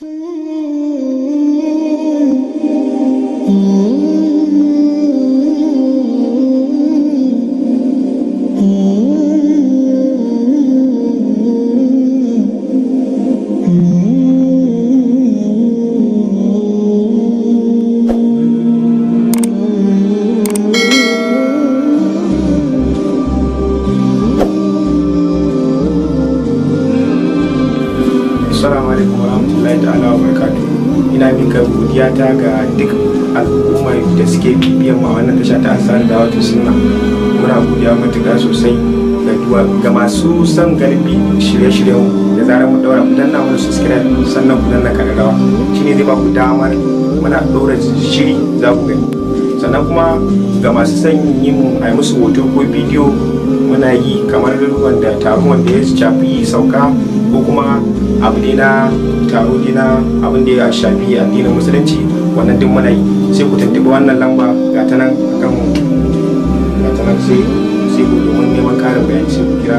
Hmm. shirye-shiryen da zarar mu daura mu danna mana subscribe sannan ku danna kan rawa shine zai ba ku damar muna daura shiri za ku gani sannan kuma ga masu son yin a musu hoto ko bidiyo muna yi kamar wanda taro wanda ya shafi sauka ko kuma abu ne na taro ne na abin da ya shafi addinin musulunci wannan duk muna yi sai ku tuntuɓi wannan lamba ga ta nan akan mu ga ta nan sai ku domin neman ƙarin bayani sai ku kira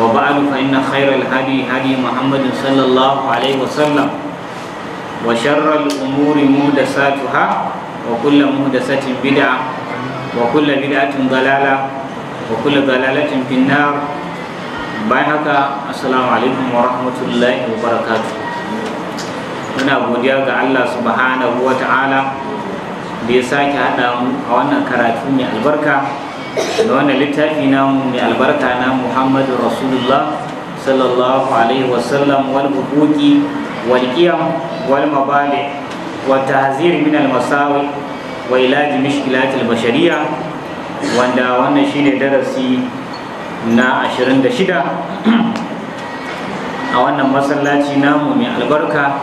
وبعد فإن خير الهدي هدي محمد صلى الله عليه وسلم وشر الأمور مهدساتها وكل مهدسة بدعة وكل بدعة ضلالة وكل ضلالة في النار بينك السلام عليكم ورحمة الله وبركاته muna godiya ga Allah subhanahu wa ta'ala da ya sake haɗa mu a wannan karatu mai albarka da wannan littafi na mai albarka na muhammadu rasulullah sallallahu alaihi wasallam wal hukuki wal qiyam wal mabadi wa tahzir min al masawi wa ilaji mishkilat al bashariya wanda wannan shine darasi na 26 a wannan masallaci namu mai albarka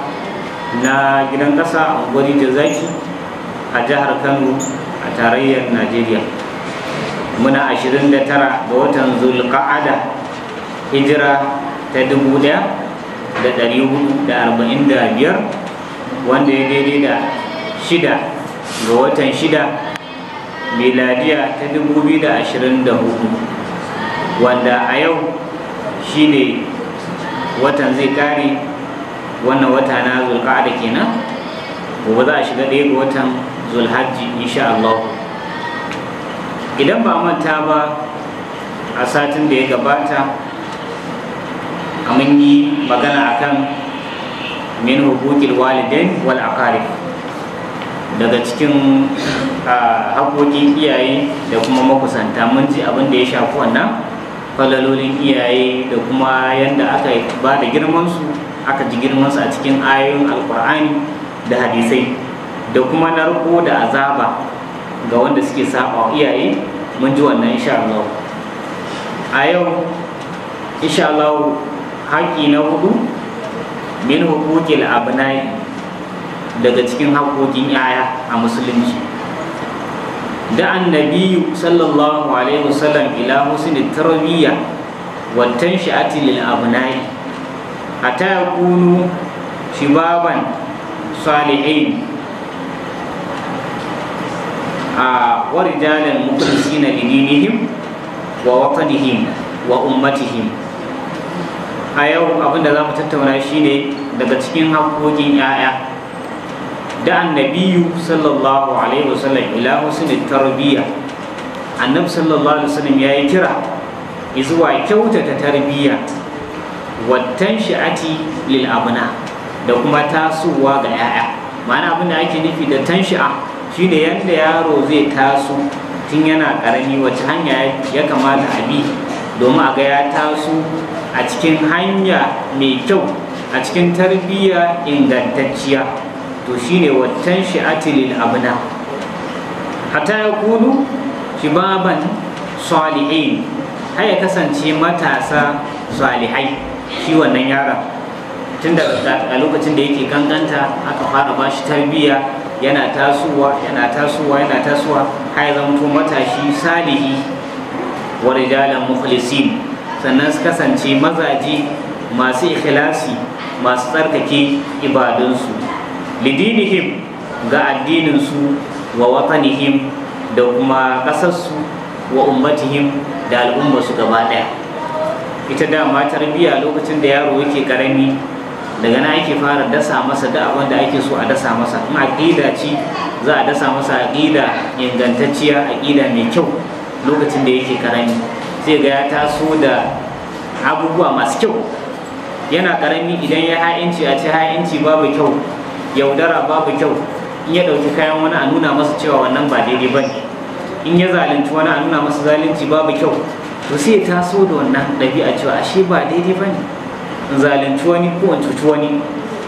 na gidan ƙasa a gwari da zaki a jihar kano a tarayyar najeriya muna 29 ga watan zulka'ada hijira ta 1445 wanda ya daidai da shida ga watan shida miladiya ta 2024 wanda a yau shi ne watan zai kare wannan wata na zulka'ada kenan gobe za a shiga ɗaya ga watan zulhajji insha Allah idan ba manta ba a satin da ya gabata mun yi magana akan min hukukil walidain wal aqarib daga cikin haƙoƙin iyaye da kuma makusanta mun ji abin da ya shafi wannan falalolin iyaye da kuma yadda aka ba da girmansu aka ji girmansu a cikin ayoyin alkur'ani da hadisai da kuma narko da azaba ga wanda suke saba iyaye mun ji wannan insha Allah a yau insha Allah haƙi na hudu min hukukil abnai daga cikin haƙoƙin yaya a musulunci da annabiyu sallallahu alaihi wasallam ila husni tarbiyya wa tanshi'ati lil abnai hatta yakunu shibaban salihin a warijalan mukhlisina lidinihim wa watanihim wa ummatihim a yau abinda za mu tattauna shine daga cikin haƙoƙin 'ya'ya da annabiyu sallallahu alaihi wasallam ila husnul tarbiyya annabi sallallahu alaihi wasallam yayi kira zuwa kyautata tarbiyya wattan shi'ati lil abna da kuma tasowa ga 'ya'ya ma'ana abin da ake nufi da tanshi'a shine yadda yaro zai taso tun yana ƙarami wace hanya ya kamata a bi domin a ga ya taso a cikin hanya mai kyau a cikin tarbiyya ingantacciya to shine wattan abu na. hatta ya shi baban salihin har ya kasance matasa salihai shi wannan yaron tun da lokacin da yake ganganta aka fara bashi tarbiyya yana tasowa yana tasowa yana tasowa har zamto matashi salihi wa rijalan mukhlisin sannan su kasance mazaje masu ikhlasi masu tsarkake ibadunsu lidinihim ga addininsu wa watanihim da kuma ƙasarsu wa ummatihim da al'ummarsu gaba ɗaya ita dama tarbiyya lokacin da yaro yake karami daga nan ake fara dasa masa da abin da ake so a dasa masa in aƙida ci za a dasa masa aƙida ingantacciya aƙida mai kyau lokacin da yake karami zai ga ya taso da abubuwa masu kyau yana karami idan ya ha'inci a ce ha'inci babu kyau yaudara babu kyau in ya ɗauki kayan wani a nuna masa cewa wannan ba daidai ba ne in ya zalunci wani a nuna masa zalunci babu kyau to sai ya taso da wannan ɗabi'a cewa ashe ba daidai ba ne in zalunci wani ko in cuci wani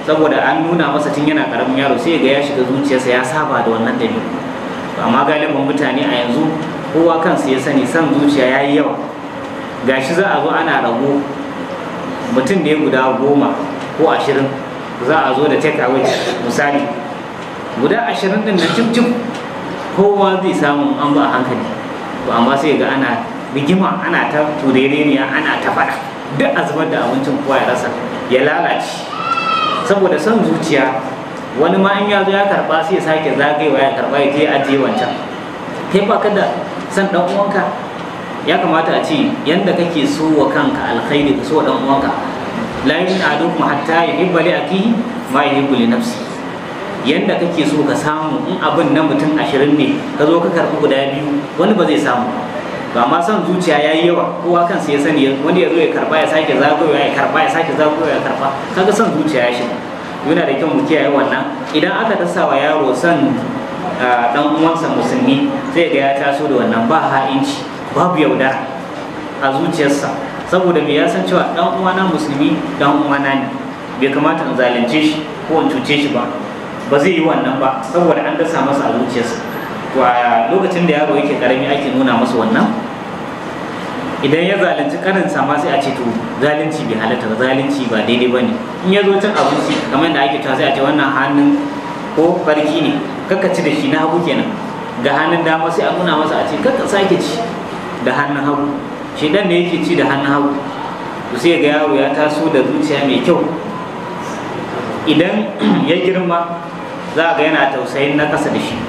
saboda an nuna masa tun yana karamin yaro sai ga ya shiga zuciyarsa ya saba da wannan dalili amma galibin mutane a yanzu kowa kansu ya sani san zuciya ya yi yawa gashi za a zo ana rago mutum da ya guda goma ko ashirin za a zo da take misali guda ashirin din na cimcim kowa zai samu an ba hankali to amma sai ga ana rigima ana ta ne ana ta faɗa duk a zubar da abincin kowa ya rasa ya lalace saboda son zuciya wani ma in ya zo ya karba sai ya sake zagayewa ya karba ya je ajiye wancan kai ba ka da san dan uwanka ya kamata a ce yanda kake so wa kanka alkhairi ka so wa dan uwanka la kuma hatta yuhibba li akihi ma yuhibbu li nafsi yanda kake so ka samu in abin na mutum ashirin ne ka zo ka karbi guda biyu wani ba zai samu ba ba ma son zuciya ya yi yawa kowa kansa ya sani wanda ya zo ya karba ya sake zagoya ya karba ya sake zagoya ya karba kaga son zuciya ya shiga yana da kyau mu kiyaye wannan idan aka dasa wa yaro son dan uwansa musulmi zai ga ya taso da wannan ba ha'inci babu yaudar a zuciyarsa saboda me ya san cewa dan uwana musulmi dan uwana ne bai kamata in zalunce shi ko in cuce shi ba ba zai yi wannan ba saboda an dasa masa a zuciyarsa to lokacin da yaro yake karami ake nuna masa wannan idan ya zalunci karin ma sai a ce to zalunci bai halatta ba zalunci ba daidai ba ne in ya zo cin abinci kamar da ake ta sai a ce wannan hannun ko farki ne kakka ci da shi na hagu kenan ga hannun dama sai a nuna masa a ce kakka sake ci da hannun hagu shi dan ne yake ci da hannun hagu to sai ga yaro ya taso da zuciya mai kyau idan ya girma za ga yana tausayin na kasa da shi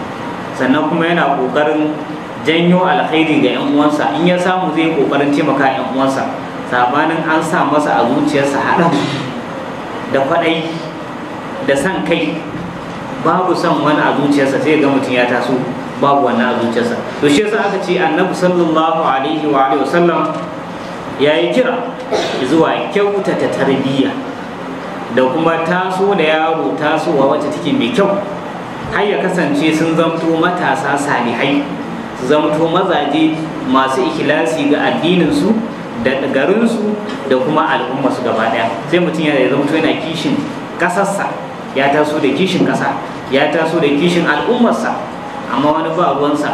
sannan kuma yana ƙoƙarin janyo alkhairi ga yan uwansa in ya samu zai kokarin taimaka yan uwansa sabanin an sa masa a zuciyarsa haɗa da kwaɗai da san kai babu son wani a zuciyarsa sai ga mutum ya taso babu wani a zuciyarsa to shi yasa aka ce annabi sallallahu alaihi wa alihi wasallam ya yi kira zuwa kyautata tarbiyya da kuma taso da yaro tasowa wacce take mai kyau har ya kasance sun zamto matasa salihai zamto mazaje masu ikilasi ga addininsu da garinsu da kuma al'ummarsu gaba daya sai mutum ya zamto yana kishin kasarsa ya taso da kishin kasa ya taso da kishin al'ummarsa amma wani ba ruwansa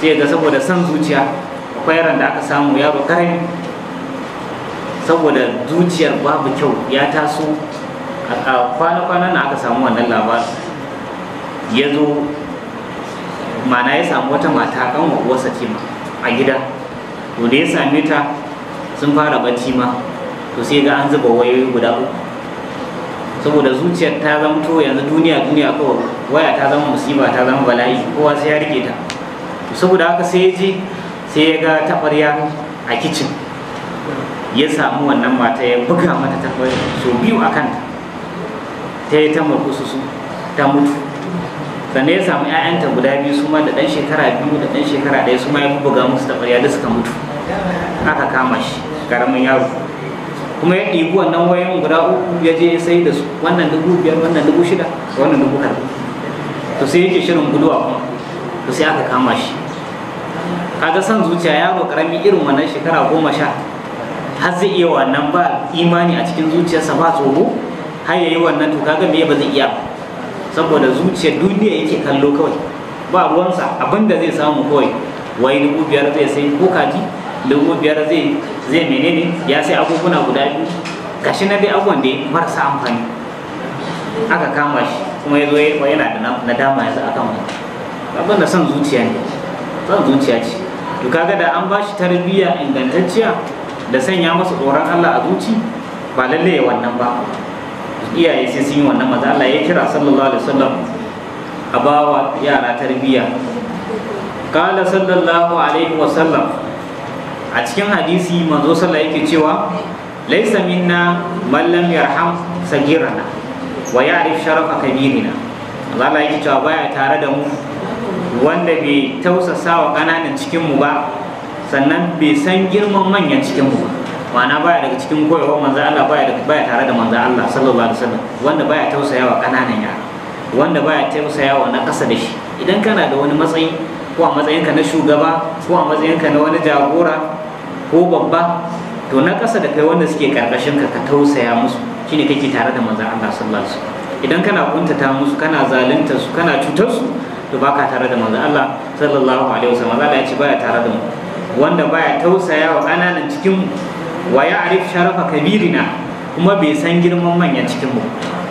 sai ga saboda son zuciya akwai yaran da aka samu yaro karami saboda zuciyar babu kyau ya taso a kwana-kwanan aka samu wannan labarin ya zo mana ya samu wata mata kan wasa ce a gida to da ya sami ta sun fara bacci ma to sai ga an zuba wayoyi guda uku saboda zuciyar ta zamto yanzu duniya duniya kawai waya ta zama musiba ta zama bala'i kowa sai ya rike ta to saboda haka sai ya je sai ya ga tabarya a kicin ya samu wannan mata ya buga mata tabarya so biyu a kanta ta yi ta murkusu ta mutu sannan ya samu ƴaƴanta guda biyu su ma da ɗan shekara biyu da ɗan shekara ɗaya su ma ya buga musu da ɓarya da suka mutu aka kama shi ƙaramin yaro kuma ya ɗibi wannan wayan guda uku ya je ya sai da su wannan dubu biyar wannan dubu shida wannan dubu karfi. to sai yake shirin guduwa kuma to sai aka kama shi kaga son zuciya yaro karami irin wannan shekara goma sha har zai iya wannan ba imani a cikin zuciyarsa ba tsoro har ya yi wannan to kaga me ba zai iya ba saboda zuciyar duniya yake kallo kawai ba ruwansa abinda zai samu kawai wai dubu biyar zai sai ko kaji dubu biyar zai menene ya sai abubuwa guda biyu gashi na dai abubuwan da marasa amfani aka kama shi kuma ya zo yana da nadama yanzu akan wani abin da son zuciya ne son zuciya ce to kaga da an bashi tarbiyya ingantacciya da sanya masa tsoron Allah a zuci ba lalle wannan ba iyaye sai sun yi wannan maza Allah ya kira sallallahu alaihi wasallam a bawa yara tarbiyya kala sallallahu alaihi wasallam a cikin hadisi manzo sallah yake cewa laisa minna man lam yarham sagirana wa ya'rif sharafa kabirina Allah yake cewa baya tare da mu wanda bai tausasa wa ƙananan cikin mu ba sannan bai san girman manyan cikin mu ba ma'ana baya daga cikin koyarwar manzo Allah baya daga baya tare da manzo Allah sallallahu alaihi wasallam wanda baya tausayawa kananan yara wanda baya tausayawa na kasa da shi idan kana da wani matsayi ko a matsayinka na shugaba ko a matsayinka na wani jagora ko babba to na kasa da kai wanda suke karkashin ka ka tausaya musu shine kake tare da manzo Allah sallallahu alaihi wasallam idan kana kuntata musu kana zalunta su kana cutar su to baka tare da manzo Allah sallallahu alaihi wasallam Allah ya ce baya tare da mu wanda baya tausaya wa kananan cikin wa ya'rif sharafa kabirina kuma bai san girman manyan cikin mu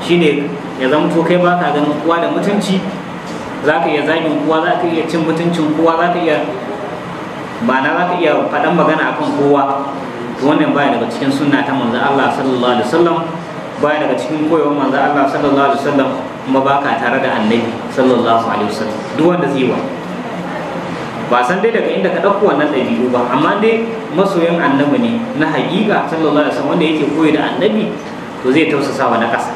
ne ya zamto kai ba ka ganin kowa da mutunci za ka iya zagin kowa za ka iya cin mutuncin kowa za ka iya ba na za ka iya faɗan magana akan kowa wannan baya daga cikin sunna ta manzo Allah sallallahu alaihi wasallam baya daga cikin koyon manzo Allah sallallahu alaihi wasallam kuma ba ka tare da annabi sallallahu alaihi wasallam duk wanda zai wa ba san dai daga inda ka ɗauko wannan ɗabi'u ba amma dai masoyan annabi ne na haƙiƙa sallallahu alaihi wasallam wanda yake koyi da annabi to zai wa na ƙasa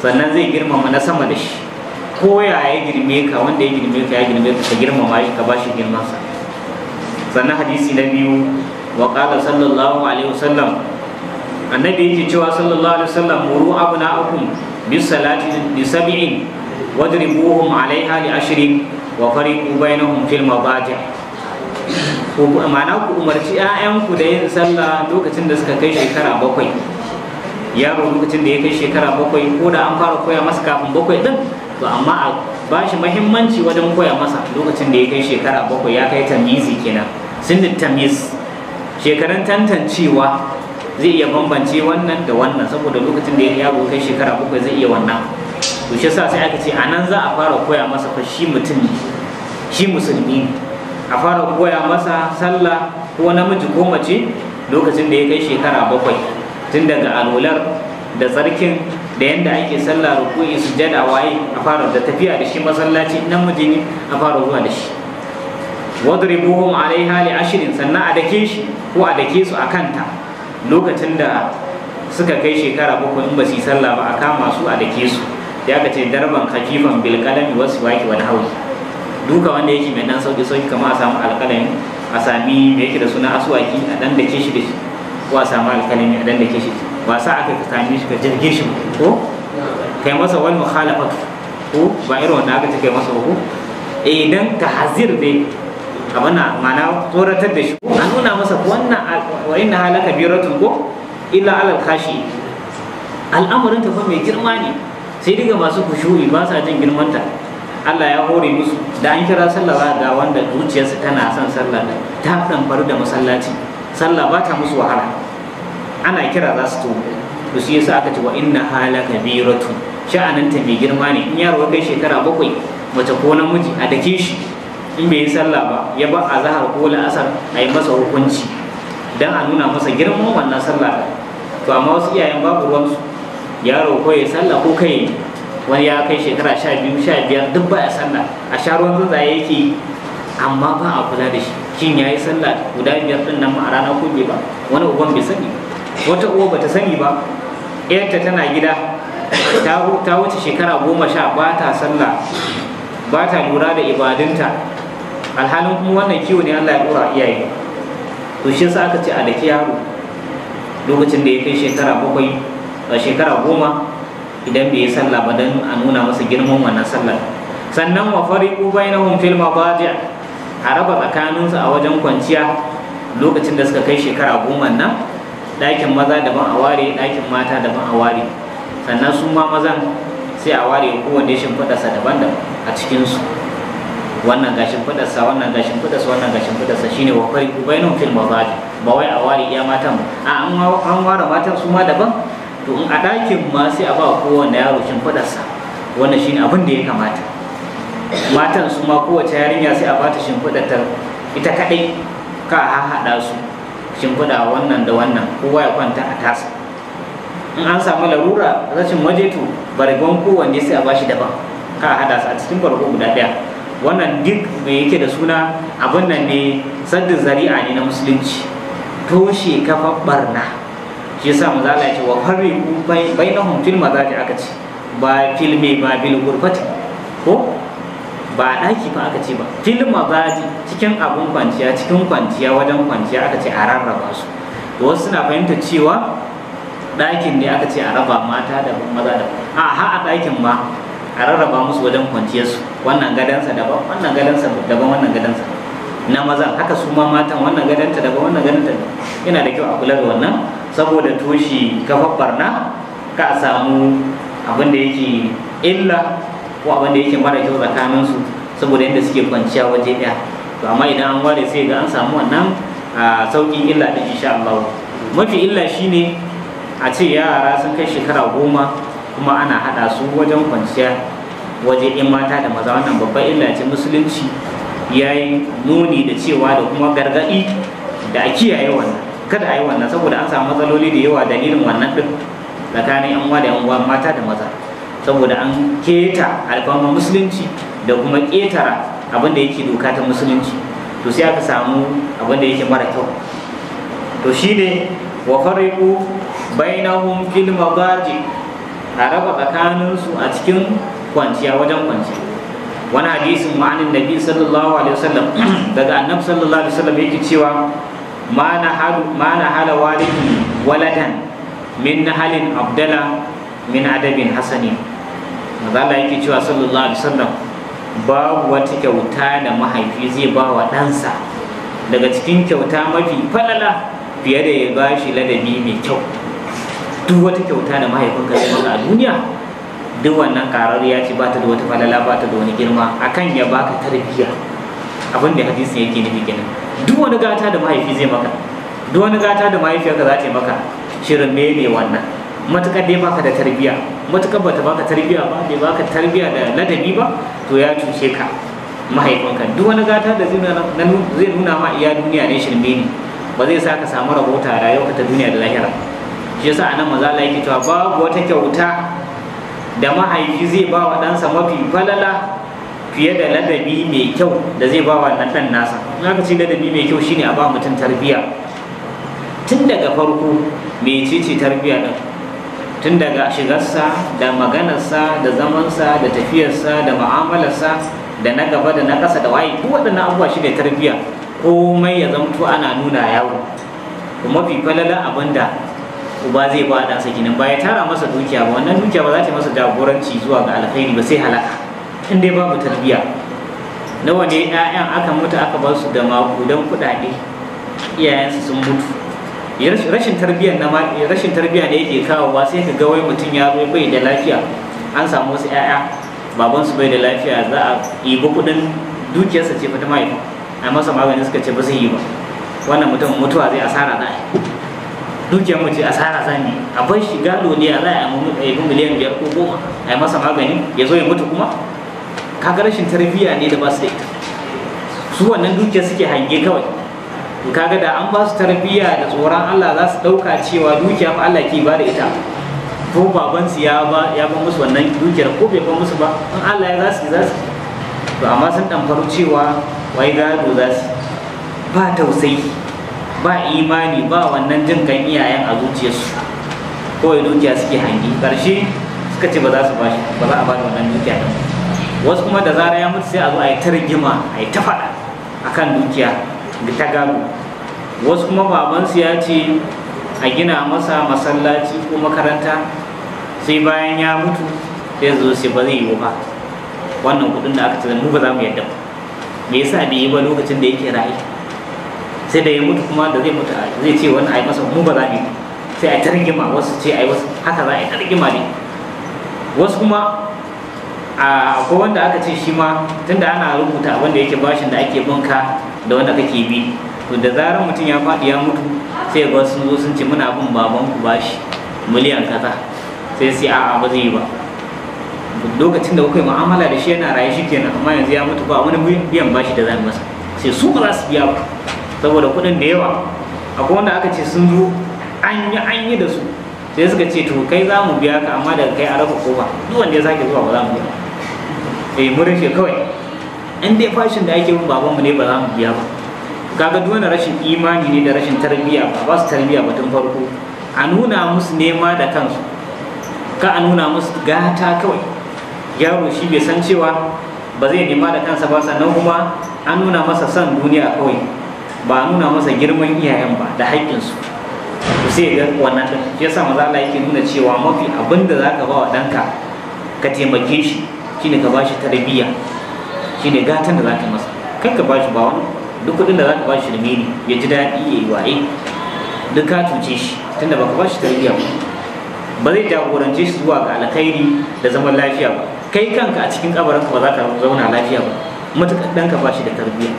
sannan zai girmama na sama da shi ko ya ya girme ka wanda ya girme ka ya girme ka ka girmama shi ka shi girman sa sannan hadisi na biyu wa qala sallallahu alaihi wasallam annabi yake cewa sallallahu alaihi wasallam muru akum bis salati bi sab'in wadribuhum alaiha li ashrin wa fariqu bainahum fil mabati ko ma'ana ku umarci 'ya'yanku da yin sallah lokacin da suka kai shekara bakwai yaro lokacin da ya kai shekara bakwai ko da an fara koya masa kafin bakwai din to amma a ba shi mahimmanci wajen koya masa lokacin da ya kai shekara bakwai ya kai tamizi kenan sinin tamiz shekarun tantancewa zai iya bambance wannan da wannan saboda lokacin da yaro kai shekara bakwai zai iya wannan to shi sai aka ce a nan za a fara koya masa fa shi mutum ne shi musulmi a fara koya masa sallah ko namiji ko mace lokacin da ya kai shekara bakwai tun daga alular da tsarkin da yadda ake sallah su jada waye a fara da tafiya da shi masallaci namiji ne a fara zuwa da shi a alaiha hali ashirin sannan a dake shi ko a dake su a kanta lokacin da suka kai shekara bakwai in ba su yi sallah ba a kama su a dake su ya ka ce darban kakifan bilkalami wasu waki wani hauki duka wanda yake mai dan sauki sauki kamar a samu alƙalami a sami mai yake da suna asuwaki a dan da ke shi da shi ko a samu alƙalami a dan da ke shi ba sa aka ka sami shi ka jirge shi ko kai masa wani mukhalafa ko ba irin wanda aka ce kai masa ko idan eh, hazir dai abana mana tsoratar da shi an nuna masa wannan wani na halaka biratun ko illa alal kashi al'amarin ta fa mai girma ne sai daga masu kushu'i ba sa jin girmanta Allah ya hore musu da an kira sallah ga wanda zuciyarsa tana son sallah ta faru da masallaci sallah ba ta musu wahala ana kira za su tuwo to shi yasa aka ce wa inna hala kabiratu sha'ananta mai girma ne in yaro kai shekara bakwai mace ko namiji a dake shi in bai yi sallah ba ya ba a zahar ko la'asar a yi masa hukunci dan a nuna masa girman wannan sallah to amma wasu iyayen babu ruwansu yaro ko ya sallah ko kai wani ya kai shekara sha biyu sha biyar duk baya sallah a sha ruwan tsuntsaye yake amma ba a kula da shi shin ya yi sallah guda biyar din nan a rana ko ba wani uban bai sani wata uwa bata sani ba yarta tana gida ta wuce shekara goma sha ba ta sallah ba ta lura da ibadunta alhalin kuma wannan kiwo ne Allah ya dora iyaye to shi yasa aka ce a daki yaro lokacin da ya kai shekara bakwai shekara goma idan bai yi sallah ba don a nuna masa girman wannan sallar sannan wa fariqu bainahum fil madaji a raba tsakaninsu a wajen kwanciya lokacin da suka kai shekara goma nan ɗakin maza daban a ware ɗakin mata daban a ware sannan su ma mazan sai a ware kowanne shimfiɗarsa daban daban a cikinsu wannan ga shimfiɗarsa wannan ga shimfiɗarsa wannan ga shimfiɗarsa shine wa fariqu bainahum fil madaji ba wai a ware iya matan ba a an ware matan su ma daban to in a ɗakin ma sai a ba kowane yaro shimfiɗarsa wannan shine abin da ya kamata matan su ma kowace yarinya sai a bata shimfiɗarta ita kaɗai ka haɗa su shimfiɗa wannan da wannan kowa ya kwanta a tasa in an samu larura rashin waje to bargon kowanne sai a bashi daban ka haɗa su a cikin bargo guda ɗaya wannan duk mai yake da suna abin nan ne saddin zari'a ne na musulunci toshe kafa barna shi yasa maza Allah ce wa farriqu filma za ta aka ce ba filmi ba bil gurfati ko ba a ɗaki ba aka ce ba filma ba cikin abun kwanciya cikin kwanciya wajen kwanciya aka ce a rarraba su to wasu suna fahimta cewa ɗakin ne aka ce a raba mata da maza da a ha a ɗakin ma a rarraba musu wajen kwanciya su wannan gadansa daban wannan gadansa daban wannan gadansa na maza haka su ma matan wannan gadanta daban wannan gadanta yana da kyau a kula da wannan saboda toshi gafafar na ka samu abin da yake illa ko abin da yake mara kyau tsakanin su saboda yadda suke kwanciya waje ɗaya to amma idan an ware sai ga an samu wannan sauƙin illa da insha Allah mafi illa shine a ce yara sun kai shekara goma kuma ana haɗa su wajen kwanciya waje ɗin mata da maza wannan babban illa ce musulunci ya yi nuni da cewa da kuma gargaɗi da a kiyaye wannan kada a yi wannan saboda an samu matsaloli da yawa dalilin wannan ɗin, tsakanin yan uwa da yan uwa mata da maza saboda an keta alfahman musulunci da kuma ketara abin da yake doka ta musulunci to sai aka samu abin da yake mara kyau to shi ne wa fariqu bainahum fil mabaji a raba tsakaninsu a cikin kwanciya wajen kwanciya wani hadisin ma'anin nabi sallallahu alaihi wasallam daga annabi sallallahu alaihi wasallam yake cewa ma na ولدا من waladan min halin ادب min adabin hasani يكي yake cewa الله عليه وسلم babu wata kyauta da mahaifi zai ba ɗansa daga cikin kyauta mafi falala fiye da ya ba shi ladabi mai kyau duk wata kyauta da mahaifinka ka zama a duniya duk wannan karar ya ci ba da wata falala bata da wani girma akan ya baka tarbiyya abin da hadisi yake nufi kenan duk wani gata da mahaifi zai maka duk wani gata da mahaifiyarka za ta yi maka shirin me ne wannan matukar dai baka da tarbiya matukar bata baka tarbiya ba bai baka tarbiya da ladabi ba to ya cuce ka mahaifinka duk wani gata da zai nuna ma iya duniya ne shirme ne ba zai sa ka samu rahota a rayuwarka ta duniya da lahira shi yasa anan maza Allah yake cewa babu wata kyauta da mahaifi zai ba wa ɗansa mafi falala fiye da ladabi mai kyau da zai ba wannan ɗan nasa in aka ce ladabi mai kyau shine a ba mutum tarbiyya tun daga farko mai cece tarbiyya ɗin tun daga shigarsa da maganarsa da zamansa da tafiyarsa da mu'amalarsa da na gaba da na ƙasa da waye duk waɗannan abubuwa shine tarbiyya komai ya zamto ana nuna yawo kuma fi falala abin da uba zai ba ɗansa ginin ba ya tara masa dukiya ba wannan dukiya ba za ta masa jagoranci zuwa ga alkhairi ba sai halaka in dai babu tarbiya nawa ne 'ya'yan aka mutu aka ba su da makudan kuɗaɗe iyayensu sun mutu rashin tarbiyyar na rashin tarbiyya ne yake ba sai ka ga wai mutum ya zo bai da lafiya an samu wasu 'ya'ya baban su bai da lafiya za a ibi kuɗin dukiyarsa ce fata mai a masa magani suka ce ba su yi ba wannan mutum mutuwa zai asara za a yi dukiyar mu ce asara za ne a bar shi gado ne a za a yi miliyan biyar ko goma a yi masa magani ya zo ya mutu kuma kaga rashin tarbiyya ne da ba su da ita su wannan dukiya suke hange kawai kaga da an ba su tarbiyya da tsoron Allah za su ɗauka cewa dukiya fa Allah ke ba da ita ko babansu ya ba ya ba musu wannan dukiyar ko bai ba musu ba in Allah ya za su za su to amma sun faru cewa wai gado za su ba tausayi ba imani ba wannan jin kan iyayen a zuciyarsu kawai dukiya suke hangi ƙarshe suka ce ba za su ba ba za a ba da wannan dukiya ɗin wasu kuma da zara ya mutu sai a zo a yi ta rigima a yi ta faɗa a kan dukiya da ta gado wasu kuma babansu ya ce a gina masa masallaci ko makaranta sai bayan ya mutu sai zo sai ba zai wa ba wannan kudin da aka ce mu ba za mu yadda me yasa bai yi ba lokacin da yake rayu sai da ya mutu kuma da zai mutu zai ce wani ai masa mu ba za mu sai a gima wasu ce ai wasu haka za a yi gima ne wasu kuma akwai wanda aka ce shi ma tunda ana rubuta abin da yake bashin da ake binka da wanda kake bi to da zarar mutum ya faɗi ya mutu sai ba sun zo sun ce muna bin baban ku bashi miliyan kaza sai sai a ba zai yi ba lokacin da kuka mu'amala da shi yana raye shi kenan amma yanzu ya mutu ba wani biyan bashi da za masa sai su ba za su biya ba saboda kuɗin da yawa akwai wanda aka ce sun zo an yi an yi da su sai suka ce to kai za mu biya ka amma daga kai a raba kofa duk wanda ya sake zuwa ba za mu biya eh mu rufe kawai in dai fashin da ake yi babanmu ne ba za mu biya ba kaga duk wani rashin imani ne da rashin tarbiyya ba ba su tarbiyya ba tun farko a nuna musu nema da kansu ka a nuna musu gata kawai yaro shi bai san cewa ba zai nema da kansa ba sannan kuma an nuna masa son duniya kawai ba a nuna masa girman iyayen ba da haƙƙinsu ku sai ga wannan din yasa maza Allah yake nuna cewa mafi abin da zaka ba wa ɗanka ka taimake shi shine ka bashi tarbiyya shine gatan da zaka masa kai ka bashi ba wani duk kudin da zaka bashi da ne ya ji daɗi ya yi waye duk ka tuce shi tunda baka bashi tarbiyya ba ba zai jagorance shi zuwa ga alkhairi da zaman lafiya ba kai kanka a cikin kabarin ba za ka zauna lafiya ba matuƙar ɗanka ba shi da tarbiyya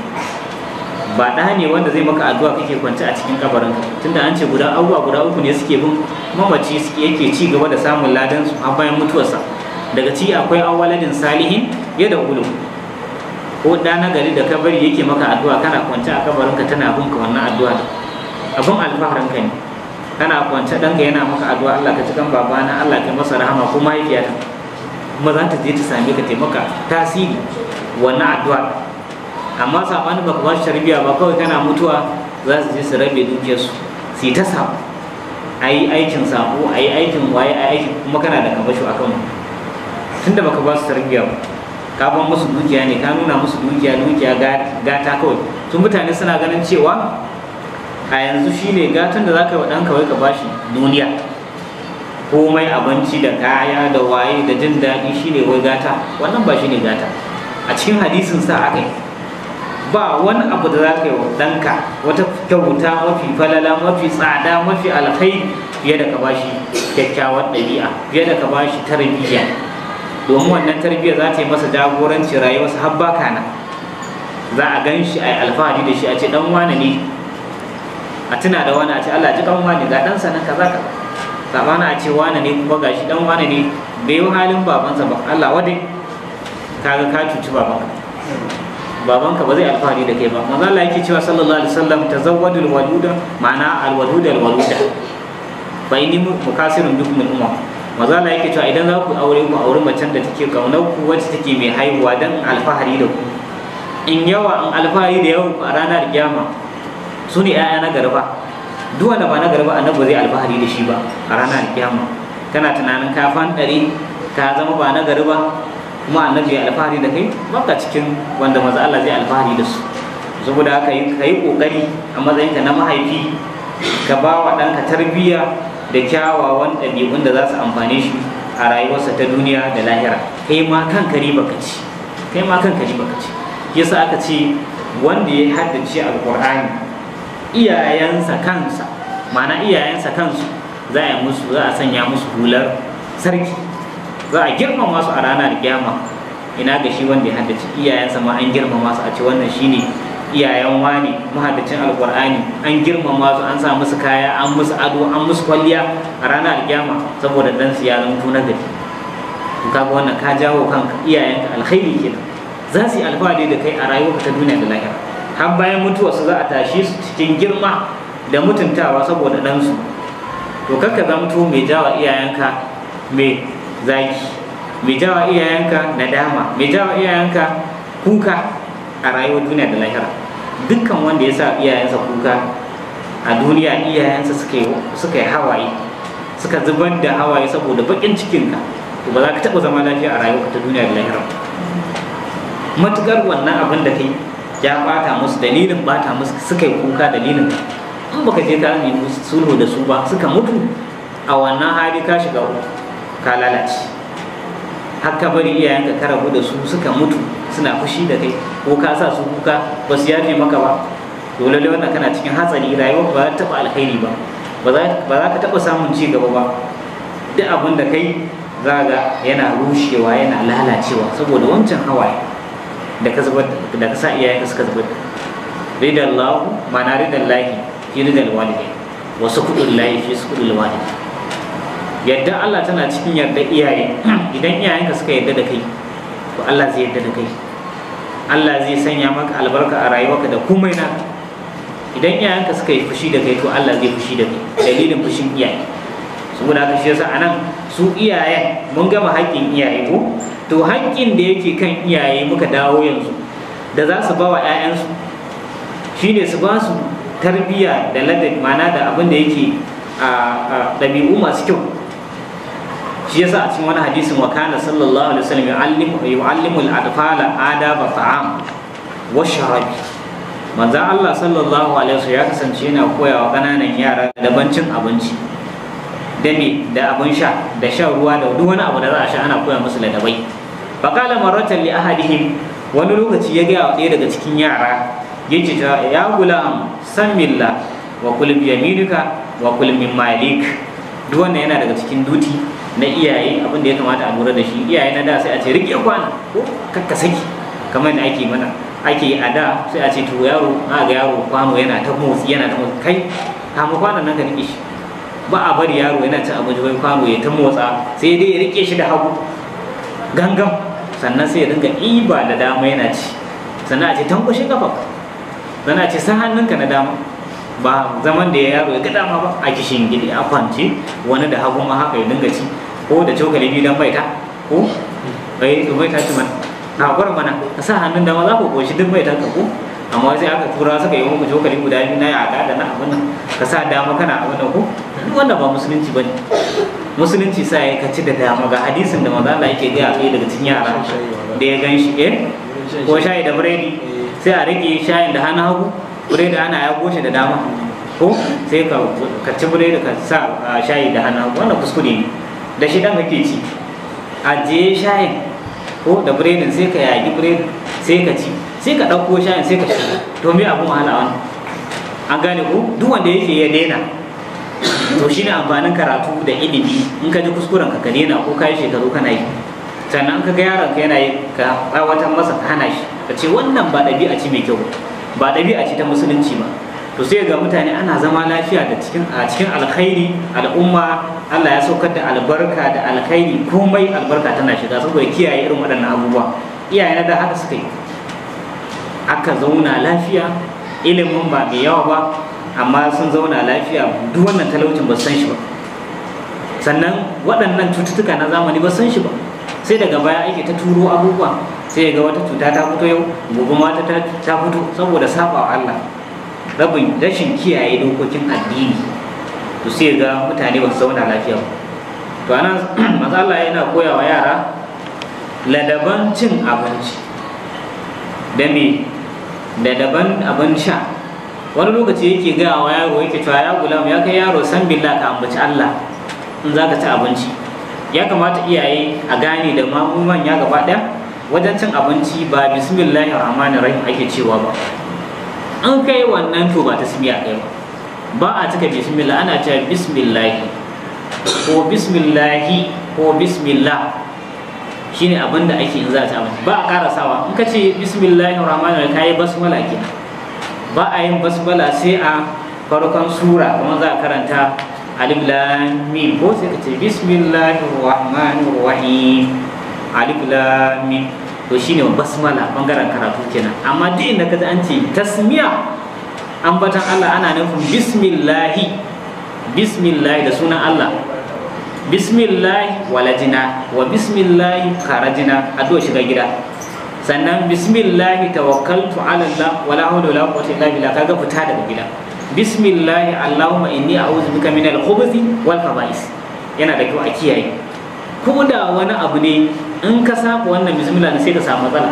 ba ɗa ne wanda zai maka addu'a kake kwance a cikin kabarin tunda an ce guda abubuwa guda uku ne suke bin mamaci yake ci gaba da samun ladan su har bayan mutuwarsa daga ci akwai awaladin salihin ya da ulu ko da na gari da kabari yake maka addu'a kana kwance a kabarinka tana bin ka wannan addu'a abin alfaharin ka ne kana kwance ɗanka yana maka addu'a Allah ka ci kan babana Allah ka masa rahama ko mahaifiyata kuma za ta je ta same ka taimaka tasiri wannan addu'a amma saɓani baka ba sharbiya ba kawai kana mutuwa za su je su rabe dukiyarsu su su ta sa a yi aikin sabo a yi aikin waye a yi aikin kuma kana da kamasho akan mu tunda baka ba su tarbiyya ba ka ban musu dukiya ne ka nuna musu dukiya dukiya gata kawai tun mutane suna ganin cewa a yanzu shine gatun da za ka yi wa ɗanka ka bashi duniya komai abinci da kaya da waye da jin daɗi shine wai gata wannan ba shine gata a cikin hadisin sa aka yi ba wani abu da za ka yi wa ɗanka wata kyauta mafi falala mafi tsada mafi alkhairi fiye da ka bashi kyakkyawar ɗabi'a fiye da ka bashi tarbiyya domin wannan tarbiyya za ta yi masa jagoranci rayuwarsa har baka nan za a gan shi a yi alfahari da shi a ce dan wani ne a tuna da wani a ce Allah ji kan wani ga dan sanan kaza kaza sabana a ce wani ne kuma ga shi dan wani ne bai yi halin babansa ba Allah wadai ga ka cuci babanka babanka ba zai alfahari da kai ba manzo Allah yake cewa sallallahu alaihi wasallam tazawwadul waluda ma'ana alwaluda alwaluda fa inni mukasirun bikum al umma mazala yake cewa idan za ku aure ku auri macen da take kaunar ku wacce take mai haihuwa dan alfahari da ku in yawa an alfahari da yawan a ranar kiyama su ne ƴaƴa na garba duk wanda ba na garba annabi zai alfahari da shi ba a ranar kiyama kana tunanin ka fanɗare ka zama ba na garba kuma annabi ya alfahari da kai baka cikin wanda maza Allah zai alfahari da su saboda haka ka yi kokari a matsayinka na mahaifi ka ba wa ɗanka tarbiyya da kyawawan ɗabi'un da za su amfane shi a rayuwarsa ta duniya da lahira kai ma kanka riba ka ci kai ma kanka riba ka ci yasa aka ce wanda ya haddace alkur'ani iyayensa kansa ma'ana iyayensa kansu za a musu za a sanya musu hular sarki za a girmama su a ranar kiyama ina ga shi wanda ya haddace iyayensa ma an girmama su a ce wannan shine iyayen wani mahaddacin alkur'ani an girmama su an sa musu kaya an musu ado an musu kwalliya a ranar alkiyama saboda dan su ya zanto na gari to kaga wannan ka jawo kanka iyayenka alkhairi kenan za su yi alfahari da kai a rayuwarka ta duniya da lahira har bayan mutuwa su za a tashi su cikin girma da mutuntawa saboda ɗansu to kakka tuwo mai jawa iyayenka mai zaki mai jawa iyayenka nadama mai jawa iyayenka kuka a rayuwar duniya da lahira dukkan wanda ya sa iyayensa kuka a duniya iyayensa suka yi hawaye suka zubar da hawaye saboda bakin cikinka to ba za ka taɓa zama lafiya a rayuwarka ta duniya da lahira matukar wannan abin da kai ya bata musu dalilin bata musu suka yi kuka dalilin ka in baka je ka nemi sulhu da su ba suka mutu a wannan hali ka shiga ka lalace har ka bari iyayenka ka rabu da su suka mutu suna fushi da kai ko ka sa su kuka ba su yafe maka ba to lalle wannan kana cikin hatsari rayuwar ba ta taɓa alkhairi ba ba za ka taɓa samun ci gaba ba duk abin da kai za ga yana rushewa yana lalacewa saboda wancan hawaye da ka zubar da ka sa iyayen ka suka zubar ridallahu ma'ana ridallahi fi ridal walidai wasu kudin lahi fi su kudin walidai yadda Allah tana cikin yarda iyaye idan iyayenka suka yarda da kai to Allah zai yadda da kai Allah zai sanya maka albarka a rayuwarka da komai na. idan iyayenka suka yi fushi da kai to Allah zai fushi da kai dalilin fushin iyaye saboda haka shi yasa anan su iyayen mun gama haƙƙin iyaye ko to haƙƙin da yake kan iyaye muka dawo yanzu da za su bawa 'ya'yansu shine su ba su tarbiyya da ladabi mana da abin da yake a ɗabi'u masu kyau shi yasa a cikin wani hadisin wa kana sallallahu alaihi wasallam yu'allimu al-adfala adaba ta'am wa sharab manzon Allah sallallahu alaihi wasallam ya kasance yana koyawa kananan yara dabancin abinci da me da abin sha da shan ruwa da duk wani abu da za a sha ana koya musu ladabai faqala maratan li ahadihim wani lokaci ya gaya wa ɗaya daga cikin yara ya ce ta ya gulam san wa kulmi yaminika wa kulmi malik duk wannan yana daga cikin duti na iyaye abin da ya kamata a lura da shi iyaye na da sai a ce riƙe kwana ko kakka saki kamar yadda ake mana ake a da sai a ce to yaro na ga yaro kwano yana ta motsi yana ta motsi kai kama kwana nan ka riƙe shi ba a bari yaro yana cin abinci wai kwano ya ta motsa sai dai ya riƙe shi da hagu gangan sannan sai ya dinga iba da dama yana ci sannan a ce tankushin kafa sannan a ce san hannunka na dama ba zaman da ya yaro ya gada dama ba a kishin gidi a kwance wani da hagu ma haka ya dinga ci ko da cokali biyu bai baita ko bai hmm. eh, to baita ci mana na hakura mana ka sa hannun dama za ku koshi duk baita ka ku? amma sai aka tura suka yi muku cokali guda biyu na yaka da na abin nan ka sa dama kana abin nan ku? duk wanda ba musulunci ba ne. musulunci sa ya kaci da dama ga hadisin da maza Allah yake gaya kai daga cikin yara da ya gan shi ke eh? ko shayi da biredi eh. sai a rike shayin da hannu hagu biredi ana ya goshe da dama ko sai ka ci biredi ka sa shayi da hannu hagu wannan kuskure ne da shi dan kake ci ajiye shayin ko da biredin sai ka yagi biredin sai ka ci sai ka ɗauko shayin sai ka ci. to me abun wahala wani an gane ku. duk wanda yake ya daina to shine amfanin karatu da ilimi in ka ji kuskuren ka ka daina ko ka yi shekaru kana yi sannan ka ga yaron ka yana yi ka tsawatar masa ka hana shi ka ce wannan ba ɗabi'a ce mai kyau ba ɗabi'a ce ta musulunci ba to sai ga mutane ana zama lafiya da cikin a cikin alkhairi al'umma Allah ya saukar da albarka da alkhairi komai albarka tana shiga saboda kiyaye irin waɗannan abubuwa iyaye na da haka suka yi aka zauna lafiya ilimin ba mai yawa ba amma sun zauna lafiya duk wannan talaucin ba san shi ba sannan waɗannan cututtuka na zamani ba san shi ba sai daga baya ake ta turo abubuwa sai ga wata cuta ta fito yau gobe ma ta fito saboda sabawa Allah rabin rashin kiyaye dokokin addini to sai ga mutane ba su zauna lafiya ba to ana matsala yana koya wa yara ladaban cin abinci da me da daban abin sha wani lokaci yake gaya wa yaro yake cewa ya gulam ya kai yaro san billa ka ambaci Allah in za ka ci abinci ya kamata iyaye a gane da mamu manya gaba daya wajen cin abinci ba bismillahir rahmanir rahim ake cewa ba an kai wannan to ba ta tasmiya kai ba ba a cika bismillah ana cewa bismillah ko bismillah ko bismillah shine abin da ake in za a ci abinci ba a karasawa in ka ce bismillahi rahmanu ka yi basmala ke ba a yin basmala sai a farkon sura kuma za a karanta alif lam mim ko sai ka ce bismillahir rahmanir rahim alif lam mim to shine basmala bangaren karatu kenan amma duk inda kaji an ce tasmiya ambatan Allah ana nufin bismillahi bismillahi da sunan Allah bismillahi walajina wa bismillahi kharajina addu'a shiga gida sannan bismillahi tawakkaltu ala Allah wala hawla wala quwwata illa billah kaga fita daga gida bismillahi allahumma inni a'udhu bika min al-khubuthi wal yana da kyau a kiyaye ko wani abu ne in ka saba wannan bismillah sai ka samu matsala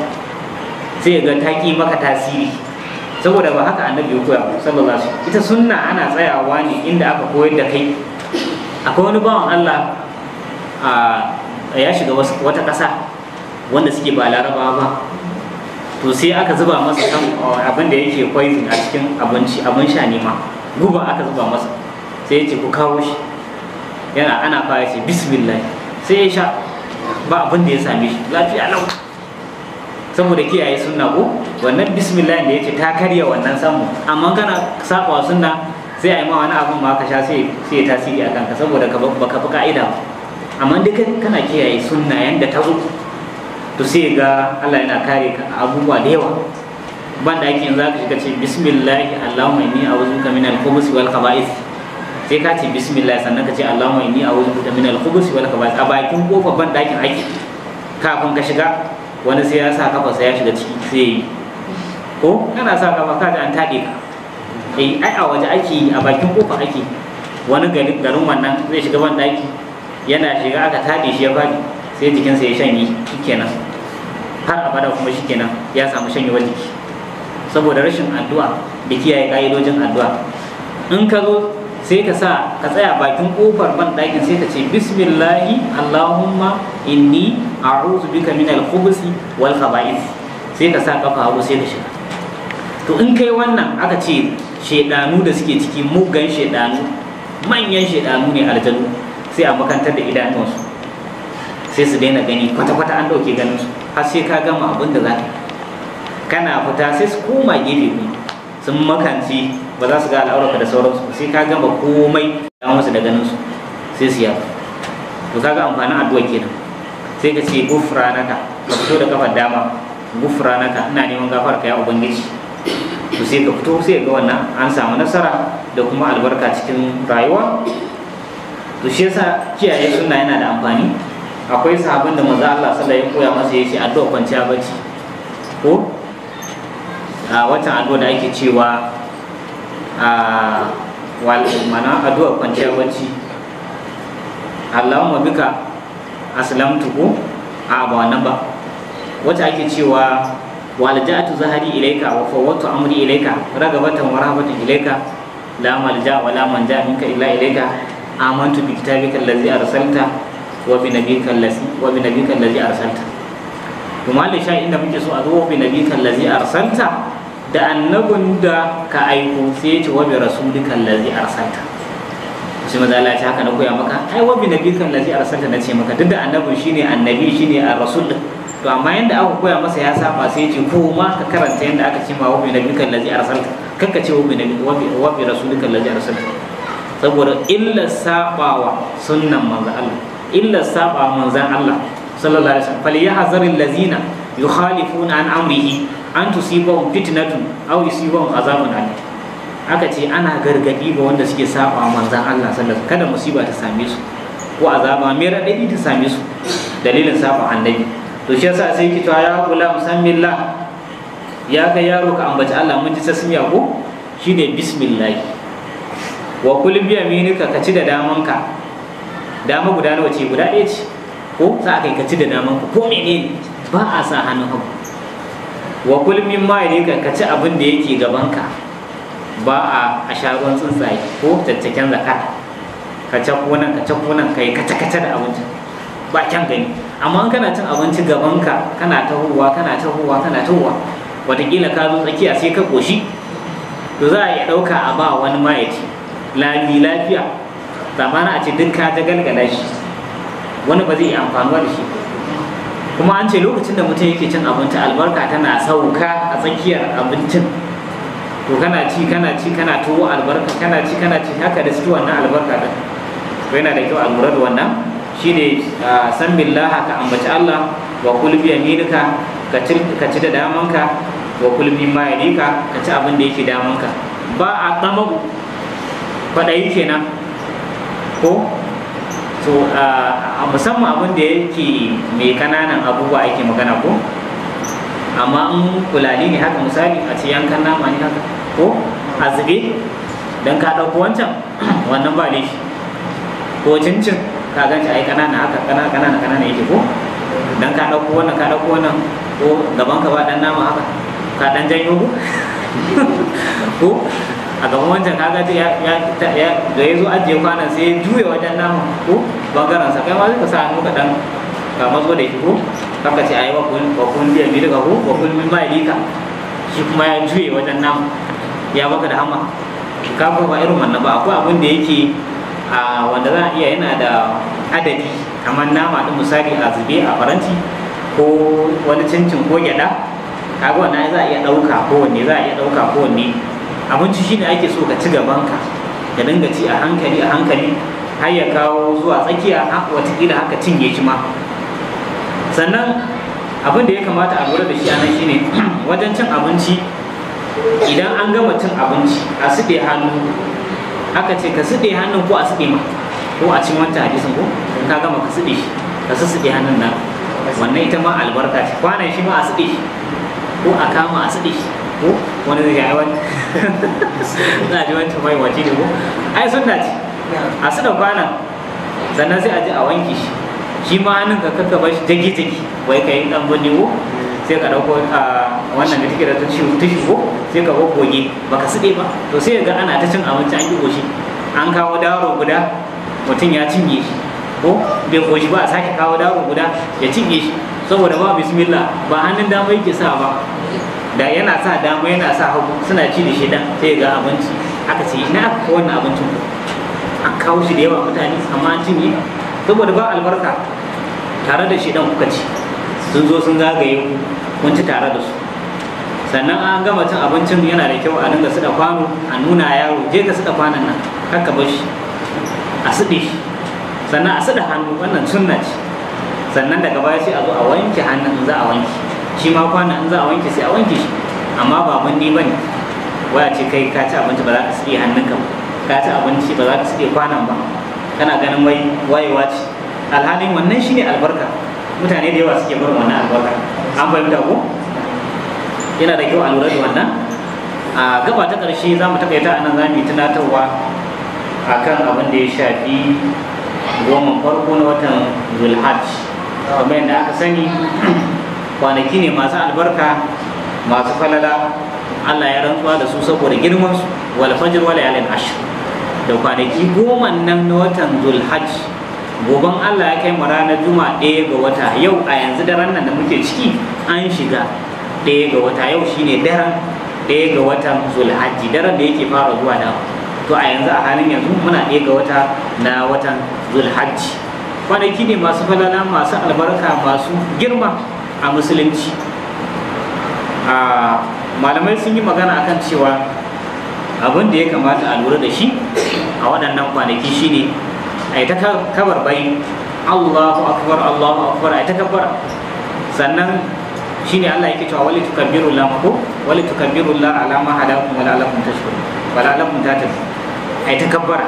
sai ga ta ki maka tasiri saboda ba haka annabi ya koya ba, sallallahu alaihi wasallam ita sunna ana tsayawa ne inda aka koyar da kai akwai wani bawan Allah ya shiga wata ƙasa wanda suke ba laraba ba to sai aka zuba masa kan abin da yake poison a cikin abinci abin sha ne ma guba aka zuba masa sai ya ce ku kawo shi yana ana fara ce bismillah sai ya sha ba abin da ya same shi lafiya lau saboda kiyaye sunna ko wannan bismillah da ya ce ta karya wannan samu amma kana saba sunna sai ai ma wani abin ma ka sha sai ya tasiri akan ka saboda ka baka fi ka'ida amma duk kana kiyaye sunna yanda ta zo to sai ga Allah yana kare ka abubuwa da yawa Ba da ake yanzu zaka shiga ce bismillah allahumma inni a'udhu bika ko khubuthi wal khaba'ith sai ka ce bismillah sannan ka ce allahumma inni a'udhu bika min al-khubuth wal khabath a bakin kofar ban dakin ake kafin ka shiga wani sai ya sa kafa sai ya shiga ciki sai yi ko kana sa kafa ka an taɗe ka eh ai a waje ake yi a bakin kofa ake wani garin garin wannan zai shiga ban daki yana shiga aka taɗe shi ya fadi sai jikinsa ya shanye shikenan har abada kuma shikenan ya samu shanye jiki saboda rashin addu'a da kiyaye ka'idojin addu'a in ka zo sai ka sa ka tsaya bakin kofar ban ɗakin sai ka ce bismillahi allahumma inni a'udhu bika min al-khubusi wal khaba'ith sai ka sa kafa hagu sai ka shiga to in kai wannan aka ce shedanu da suke ciki mugan shedanu manyan shedanu ne aljanu sai a makantar da idanunsu sai su daina gani kwata-kwata an ɗauke ganin su har sai ka gama abin da za ka kana fita sai su koma gefe sun makanci ba za su ga al'aurarka da sauransu sai ka gama komai da musu da ganin su sai su yafa to ga amfanin addu'a kenan sai ka ce gufranaka ka fito da kafar dama gufranaka ina neman gafar ka ya ubangiji to sai ka fito sai ga wannan an samu nasara da kuma albarka cikin rayuwa to shi yasa kiyaye sunna yana da amfani akwai sahabin da maza Allah sallallahu alaihi koya masa yace addu'a kwanciya bacci ko a watan addu'a da ake cewa a wato mana addu'a kwanciyar bacci Allahumma bika aslamtu ku? a ba ba wacce ake cewa walja'atu zahari ilaika wa fawwatu amri ilaika ragabatan wa rahabatan ilaika la malja wa la manja minka illa ilaika amantu bi kitabika allazi arsalta wa bi nabika allazi wa bi nabika allazi arsalta kuma mallan sha inda muke so a zo wa bi nabika allazi arsalta da annabin da ka aiko sai ya ce wa bi rasulika lazi arsalta shi maza Allah ce haka na koya maka ai wa bi nabika allazi arsalta na ce maka duk da annabin shine annabi shine ar-rasul to amma yanda aka koya masa ya saba sai ce ko ma ka karanta yanda aka ce ma wa bi nabika allazi arsalta kanka ce wa bi nabika wa bi rasulika allazi arsalta saboda illa sabawa sunnan manzo Allah illa sabawa manzon Allah sallallahu alaihi wasallam falyahzaril lazina yukhalifuna an amrihi an tusibahum fitnatun aw yusibahum azabun alim aka ce ana gargadi ga wanda suke saba manzan Allah sallallahu kada musiba ta same su ko azaba mai radadi ta same su dalilin saba annabi to shi yasa sai kito ya kula musammillah ya ga yaro ka ambaci Allah mun ji ta ko shine bismillah wa kul bi yaminika ka ci da damanka dama guda nawa ce guda ɗaya ce ko sa yi ka ci da damanka ko menene ba a sa hannu hagu wa kulmin ma ka ci abin da yake gabanka ba a a shagon tsuntsaye ko tattaken zakar ka ci nan ka ci nan kai kace kace da abinci ba kyan gani amma kana cin abinci gabanka kana tahowa kana tahowa kana tahowa wataƙila ka zo tsakiya sai ka koshi to za a iya ɗauka a ba wani ma ya ci lami lafiya zamana a ce duk ka ta galgala shi wani ba zai iya amfanuwa da shi ba kuma an ce lokacin da mutum yake cin abinci albarka tana sauka a tsakiyar abincin to kana ci kana ci kana tuwo albarka kana ci kana ci haka da su wannan albarka din to yana da kyau a lura da wannan shine san billaha ka ambaci Allah wa kul bi yaminika ka ci da damanka wa kul bi ma yadika ka ci abin da yake damanka ba a tsamaku yake kenan ko to a ah, musamman abin da yake mai kananan abubuwa ake magana ko amma in kulali ne haka misali a ce yankan nama ne haka ko a zube don ka ɗauko wancan wannan ba laifi ko cincin ka ganci ai kanana haka kanana kanana yake ko dan ka dauko wannan ka dauko wannan ko gaban ka ba dan nama haka ka dan janyo ko a gaban wancan kaga zai ya da ya zo ajiye kwanan sai ya juya wajen naman ko bangaren sa kai ma zai sa hannu ka dan ka matso da shi ko haka ce ayi wakun wakun wa biya biyu daga ko wa kun min ba lika shi kuma ya juye wajen naman ya baka da hama ka ba irin wannan ba akwai abin da yake a wanda za a iya yana da adadi kamar nama din misali a zube a faranti ko wani cincin ko gyada kaga wannan za a iya ɗauka kowanne za a iya ɗauka kowanne abinci shine ake so ka ci gaban ka ka dinga ci a hankali a hankali har ya kawo zuwa tsakiya watakila haka cinye shi ma sannan abin da ya kamata a lura da shi anan shine wajen cin abinci idan an gama cin abinci a suɗe hannu aka ce ka suɗe hannun ko a suɗe ma ko a cin wancan hadisin ko ka gama ka suɗe shi ka suɗe hannun nan wannan ita ma albarka ce kwanan shi ma a suɗe shi ko a kama a suɗe shi ko wani zai ai na a ji wancan mai wace ne ko ai sunna ce a su da kwana sannan sai a ji a wanki shi shi ma hannun ka kaka ba shi jage jage wai ka yi dan bunni ko sai ka dauko wannan da take da ta ciwo ta shigo sai ka goge baka siɗe ba to sai ga ana ta cin abinci an ki shi an kawo daro guda mutum ya cinye shi ko bai koshi ba a sake kawo daro guda ya cinye shi saboda ba bismillah ba hannun dama yake sa ba da yana sa dama yana sa hagu suna ci da shi dan sai ga abinci aka ce ina aka kawo wannan abincin an kawo shi da yawa mutane amma an cinye saboda ba albarka tare da shi dan kuka ci sun zo sun zagaye ku kun ci tare da su sannan an gama cin abincin yana da kyau a dinga suɗa kwano a nuna yaro je ka suka kwanan nan kar ka bar shi a suɗe shi sannan a suɗa hannu wannan sunna ce sannan daga baya sai a zo a wanke hannun za a wanke shi ma kwanan in za a wanke sai a wanke shi amma ba mun ni bane waya ce kai ka ci abinci ba za ka sire hannunka ba ka ci abinci ba za ka sire kwanan ba kana ganin wai wayewa ce alhalin wannan shine albarka mutane da yawa suke barin wannan albarka an fahimta ko yana da kyau a lura da wannan a gaba ta ƙarshe za mu taƙaita nan za mu yi tunatarwa kan abin da ya shafi goma farko na watan zulhaj kamar yadda aka sani kwanaki ne masu albarka masu falala Allah ya rantsuwa da su saboda girman su wal fajr wal yalin ashr da kwanaki goma nan na watan zulhajj goban Allah ya kai mu ranar juma ɗaya ga wata yau a yanzu daren nan da muke ciki an shiga ɗaya ga wata yau shine daren daya ga watan zulhajji daren da yake fara zuwa da to a yanzu a halin yanzu muna ɗaya ga wata na watan zulhajji kwanaki ne masu falala masu albarka masu girma a musulunci a malamai sun yi magana akan cewa abin da ya kamata a lura da shi a waɗannan kwanaki shine a yi ta kabar bayin allahu akbar allahu akbar a yi ta kabar sannan shine allah ya cewa wali tukabbiru la mako wali tukabbiru la ala ma hadakum wala lakum tashkurun wala ta tafi a yi ta kabar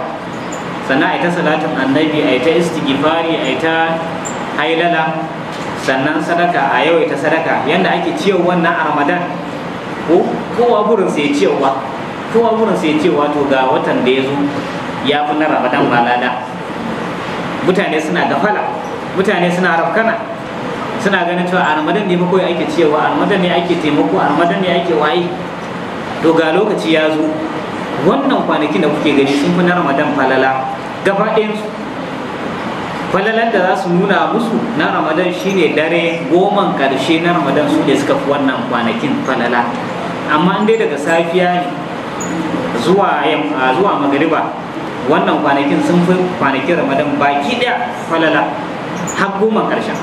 sannan a yi ta salatin annabi a yi ta istigifari a yi ta hailala sannan sadaka a yawaita sadaka yadda ake ciyar wannan a ramadan ko kowa burin sai cewa kowa burin sai cewa to ga watan da ya zo ya fi na ramadan ba lada mutane suna gafala mutane suna rafkana suna ganin cewa a ramadan ne makoyi ake ciyarwa a ramadan ne ake taimako a ramadan ne ake waye to ga lokaci ya zo wannan kwanakin da kuke gani sun fi na ramadan falala gaba ɗayansu falalan da za su nuna musu na ramadan shine dare goma karshe na ramadan su ne suka fi wannan kwanakin falala amma dai daga safiya ne zuwa zuwa magariba wannan kwanakin sun fi kwanakin ramadan baki ɗaya falala har goma karshen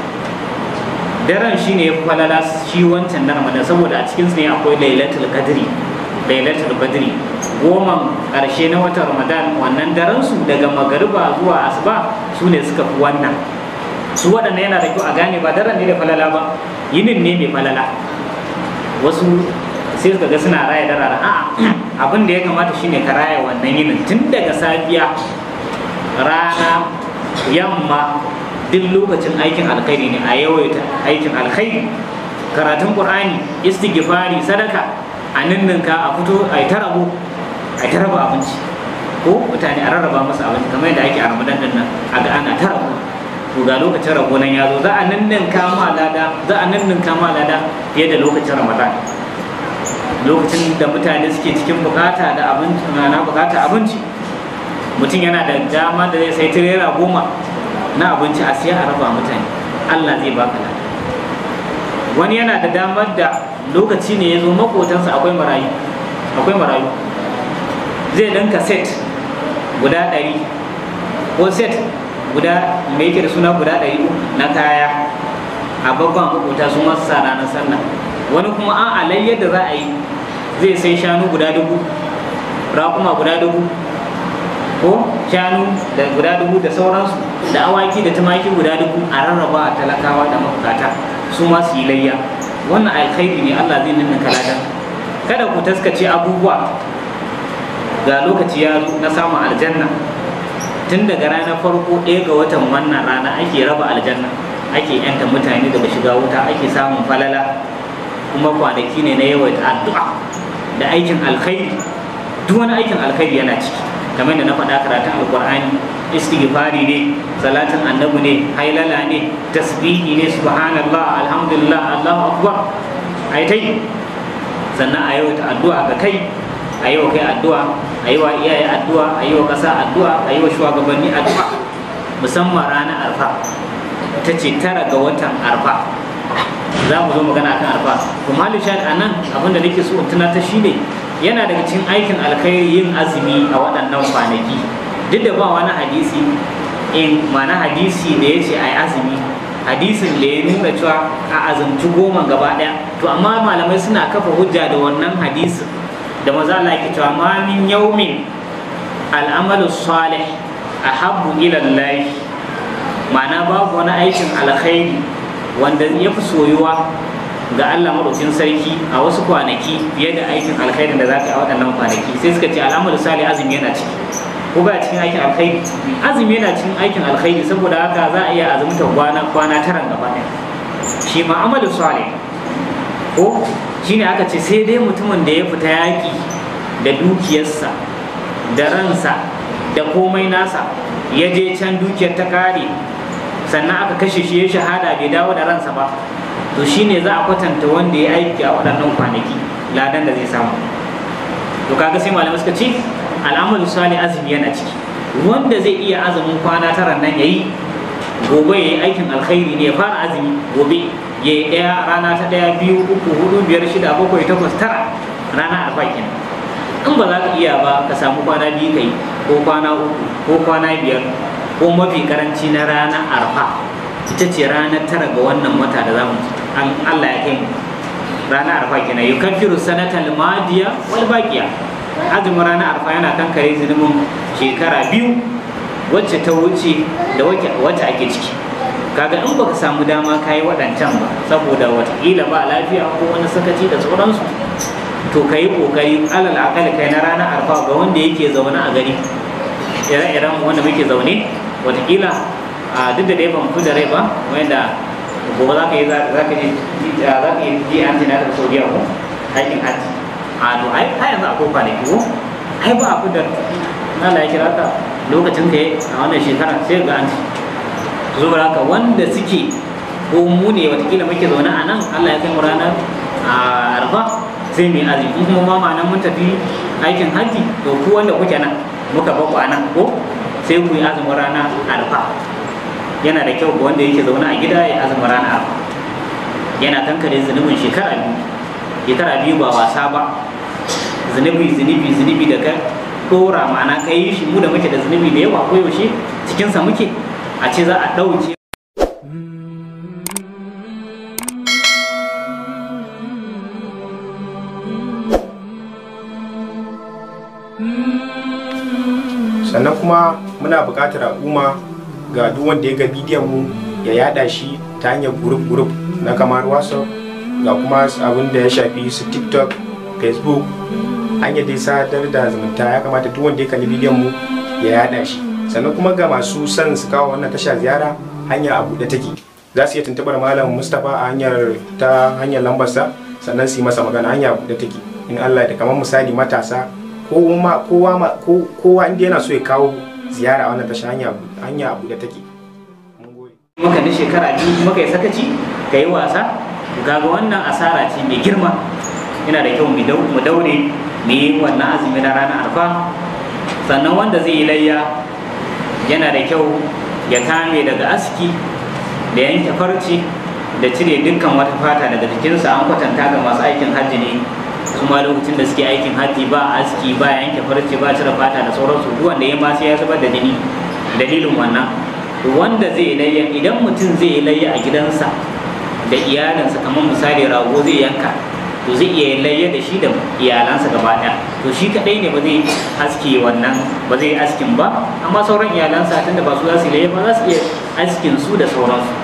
daren shi ne falala shi wancan na ramadan saboda a cikinsu ne akwai lailatul qadri goman ƙarshe na watan ramadan wannan daren su daga magariba zuwa asuba su ne suka fi wannan su waɗanda yana da kyau a gane ba daren ne da falala ba yinin ne mai falala wasu sai suka ga suna raya darara a'a abin da ya kamata shine ka raya wannan yinin tun daga safiya rana yamma duk lokacin aikin alkhairi ne a yawaita aikin alkhairi karatun qur'ani istighfari sadaka a ninninka a fito a yi ta a raba abinci ko mutane a rarraba masu abinci kamar yadda ake a ramadan din nan a ga ana ta rabu to ga lokacin rabo nan ya zo za a nannin kama lada za a nannin kama lada fiye da lokacin ramadan lokacin da mutane suke cikin bukata da abinci na bukata abinci mutum yana da dama da zai sai tirera goma na abinci a siya a raba mutane allah zai baka lada wani yana da damar da lokaci ne ya zo makotansa akwai marayu akwai marayu zai danka set guda ɗari ko set guda mai yake da suna guda ɗari na kaya a babban hukuta su masu sa ranar sallah wani kuma an alai yadda za a yi zai sai shanu guda dubu raƙuma guda dubu ko shanu da guda dubu da sauransu da awaki da tumaki guda dubu a rarraba a talakawa da mabukata su ma yi layya wannan alkhairi ne Allah zai nuna kada ku taskace abubuwa ga lokaci ya na samun aljanna tun daga ranar farko ɗaya ga watan wannan rana ake raba aljanna ake yanta mutane da daga shiga wuta ake samun falala kuma kwanaki ne na yawaita addu'a da aikin alkhairi duk wani aikin alkhairi yana ciki kamar da na faɗa karatun alkur'ani istighfari ne salatin annabi ne hailala ne tasbihi ne subhanallah alhamdulillah allahu akbar ai tai sannan a yawaita addu'a ga kai a yau kai addu'a a wa iyaye addu'a a yi wa ƙasa addu'a a wa shugabanni addu'a musamman ranar arfa ta ce tara ga watan arfa za mu zo magana akan arfa to malu shahid a nan abin da nake so in tunatar shi ne yana daga cikin aikin alkhairi yin azumi a waɗannan kwanaki duk da ba wani hadisi in eh, mana hadisi da ya ce a yi azumi hadisin da ya nuna cewa a azumci goma gaba ɗaya to amma malamai suna kafa hujja da wannan hadisin da maza Allah yake cewa ma min yaumin al'amalu salih ahabbu ila Allah ma'ana babu wani aikin alkhairi wanda ya fi soyuwa ga Allah madaukin sarki a wasu kwanaki fiye da aikin alkhairin da za ka yi a waɗannan kwanaki sai suka ce al'amalu salih azumi yana ciki ko ba cikin aikin alkhairi azumi yana cikin aikin alkhairi saboda haka za a iya azumta kwana kwana taran gaba ɗaya shi ma amalu salih ko ne aka ce sai dai mutumin da ya fita yaƙi da dukiyarsa da ransa da komai nasa ya je can dukiyar ta kare sannan aka kashe shi ya shahada bai dawo da ransa ba to shine za a kwatanta wanda ya aiki a waɗannan kwanaki ladan da zai samu to kaga sai malamai suka ce al'amalu sali azumi yana ciki wanda zai iya azumin kwana tara nan yayi gobe ya yi aikin alkhairi ne ya fara azumi gobe ya yi ɗaya rana ta ɗaya biyu uku hudu biyar shida bakwai takwas tara rana arfa kenan in ba za ka iya ba ka samu kwana biyu kai ko kwana uku ko kwana biyar ko mafi karanci na rana arfa ita ce ranar tara ga wannan wata da zamu an Allah ya kai mu ranar arfa kan firu sanatar madiya wani bakiya. azumin rana arfa yana kankare zunubin shekara biyu wacce ta wuce da wata ake ciki kaga in baka samu dama ka yi waɗancan ba saboda watakila ba lafiya ko wani sakaci da sauransu to ka yi ƙoƙari alal akali kai na ranar arfa ga wanda yake zaune a gari ire-iren wanda muke zaune watakila a duk da dai ban fi da rai ba wanda gobe za ka yi za ka yi ji an jina da saudiya ko aikin hajji a to ai a yanzu akwai kwanaki ko ai ba a fi da na lafiya kira ka lokacin ka yi a wannan shekara sai ga an zuwa haka wanda suke ko mu ne watakila muke zaune a nan allah ya kai mu ranar arfa sai mai arziki kuma ma ma'anar mun tafi aikin haji to ku wanda kuke nan muka ba a nan ko sai ku yi azumin rana arfa yana da kyau ga wanda yake zaune a gida ya azumin rana arfa yana kankare zunubin shekara biyu shekara biyu ba wasa ba zunubi zunubi zunubi da ka dora ma'ana kai shi mu da muke da zunubi da yawa koyaushe cikinsa muke a ce za a ɗauke sannan kuma muna buƙatar al'umma ga duk wanda ya ga bidiyon mu ya yada shi ta hanyar gurup gurup na kamar whatsapp ga kuma abin da ya shafi su tiktok facebook hanyar dai sadar da zumunta ya kamata duk wanda ya kalli bidiyon mu ya yada shi sannan kuma ga masu son su kawo wannan tasha ziyara hanya a buɗe take za su iya tuntubar malam mustapha a hanyar ta hanyar lambarsa sannan su yi masa magana hanya a buɗe take in allah da kamar misali matasa kowa kowa inda yana so ya kawo ziyara a wannan tasha hanya a buɗe take muka na shekara biyu muka yi sakaci ka yi wasa gaga wannan asara ce mai girma yana da kyau mu daure mu yi wannan azumi na ranar arfa sannan wanda zai yi layya yana da kyau ya kame daga aski da yanke farce da cire dukkan wata fata daga jikinsa an kwatanta ga masu aikin hajji ne su ma lokacin da suke aikin hajji ba aski ba yanke farce ba cire fata da sauransu duk wanda ya ma sai ya zubar da jini dalilin wannan wanda zai layya idan mutum zai layya a gidansa da iyalinsa kamar misali rago zai yanka to zai iya layya da shi da iyalansa gaba ɗaya to shi kaɗai ne ba zai haske wannan ba zai askin ba amma sauran iyalansa tunda ba su za su layya ba za su iya askin su da sauransu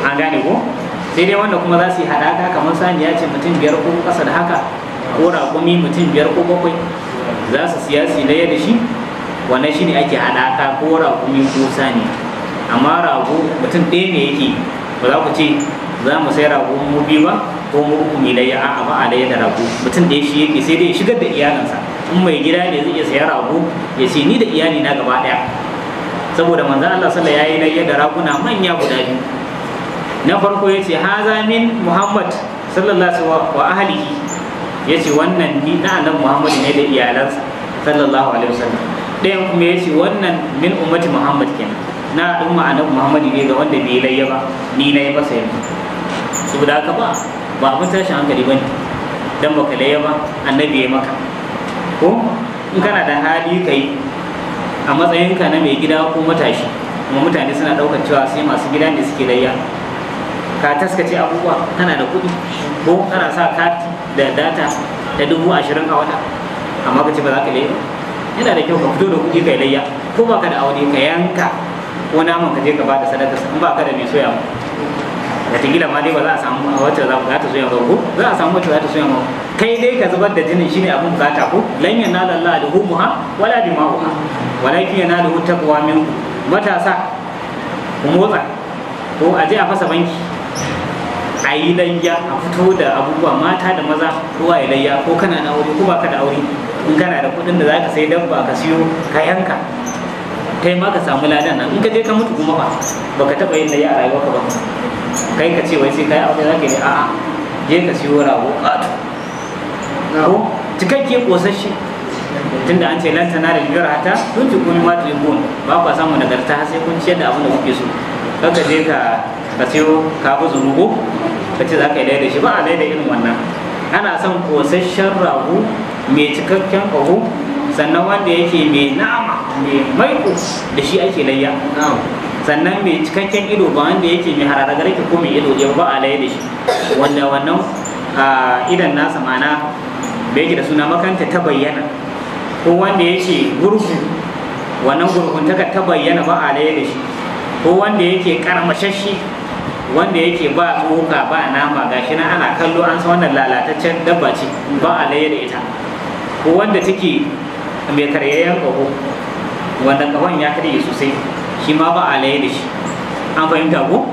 an gane ko sai dai wanda kuma za su yi haɗaka kamar sani ya ce mutum biyar ko ƙasa da haka ko raƙumi mutum biyar ko bakwai za su siya su layya da shi wannan shine ake haɗaka ko raƙumi ko sani amma rago mutum ɗaya ne yake ba za ku ce za mu sai rago mu biyu ba ko ne dai a'a ba alayya da rago mutum da ya shi yake sai dai shigar da iyalinsa in mai gida ne zai iya saya rago ya ce ni da iyali na gaba daya saboda manzon Allah sallallahu alaihi wasallam yayi da raguna manya guda biyu na farko yace haza min muhammad sallallahu alaihi wa ahlihi yace wannan ni na annabi muhammad ne da iyalansa sallallahu alaihi wasallam ɗayan kuma yace wannan min ummati muhammad kenan na al'umma annabi muhammad ne ga wanda bai layya ba ni nayi masa yanzu saboda ka ba ba abin tashin hankali ba ne don ba kalaye ba annabi ya maka ko in kana da hali ka yi a matsayinka na mai gida ko matashi kuma mutane suna ɗaukar cewa sai masu gida ne suke layya ka taskace abubuwa kana da kuɗi ko kana sa kati da data ta dubu ashirin a wata amma ka ce ba za ka layya yana da kyau ka fito da kuɗi kai layya ko ba ka da aure ka yanka ko naman ka je ka ba da sadaka in ba ka da mai soya wataƙila ma dai ba za a samu wacce za ta so yin rago za a samu wacce za ta so yin kai dai ka zubar da jinin shine abin bukata ko lanyan na lalla da muha wala da walakin yanaluhu taqwa minku matasa ku motsa ko a je a fasa banki a yi lanya a fito da abubuwa mata da maza kowa ya lanya ko kana na aure ko baka da aure in kana da kuɗin da za ka sai dabba ka siyo ka yanka kai ma ka samu ladan nan in ka je ka mutu kuma ba baka taba yin da ya rayuwa ka ba kai ka ce wai sai kai aure zaka yi a'a je ka siyo rago kato ko cikakke kosashe tunda an ce lan tana da biyar hata tun ci kuma mata yin ba kwa samu nagarta har sai kun ciyar da abin da kuke so kaka je ka ka siyo ka bi zunubu ka ce za ka yi da shi ba a da irin wannan ana son kosasshen rago mai cikakken ƙaho sannan wanda yake mai nama mai maiko da shi ake layya sannan mai cikakken ido ba wanda yake mai hararagar ke ko mai ido ya ba a layya da shi wanda wannan idan nasa mana da yake da suna makanta ta bayyana ko wanda yake gurgu wannan gurgun ta bayyana ba a layya da shi ko wanda yake karmashashi wanda yake ba tsoka ba nama gashi na ana kallo an san wannan lalataccen dabba ce ba a laye da ita ko wanda take mai karyayyen kaho wanda kahon ya karye sosai shi ma ba a laye da shi an fahimta ko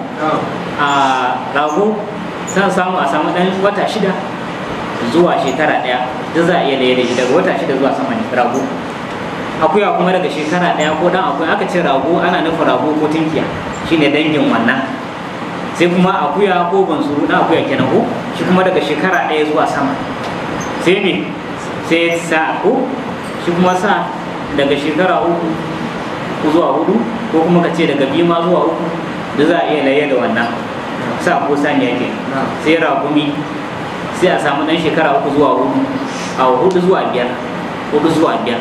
a rago sun samu a samu dan wata shida zuwa shekara ɗaya, duk za a iya laye da shi daga wata shida zuwa sama ne rago akuya kuma daga shekara ɗaya ko ɗan akuya aka ce rago ana nufin rago ko tinkiya shine dangin wannan sai kuma akuya ko bansuru na akuya kenan ko shi kuma daga shekara ɗaya zuwa sama sai ne sai sa ko shi kuma sa daga shekara uku zuwa hudu ko kuma ka ce daga bima zuwa uku da za a iya laye da wannan sa ko saniya ke sai rakumi sai a samu dan shekara uku zuwa hudu a hudu zuwa biyar hudu zuwa biyar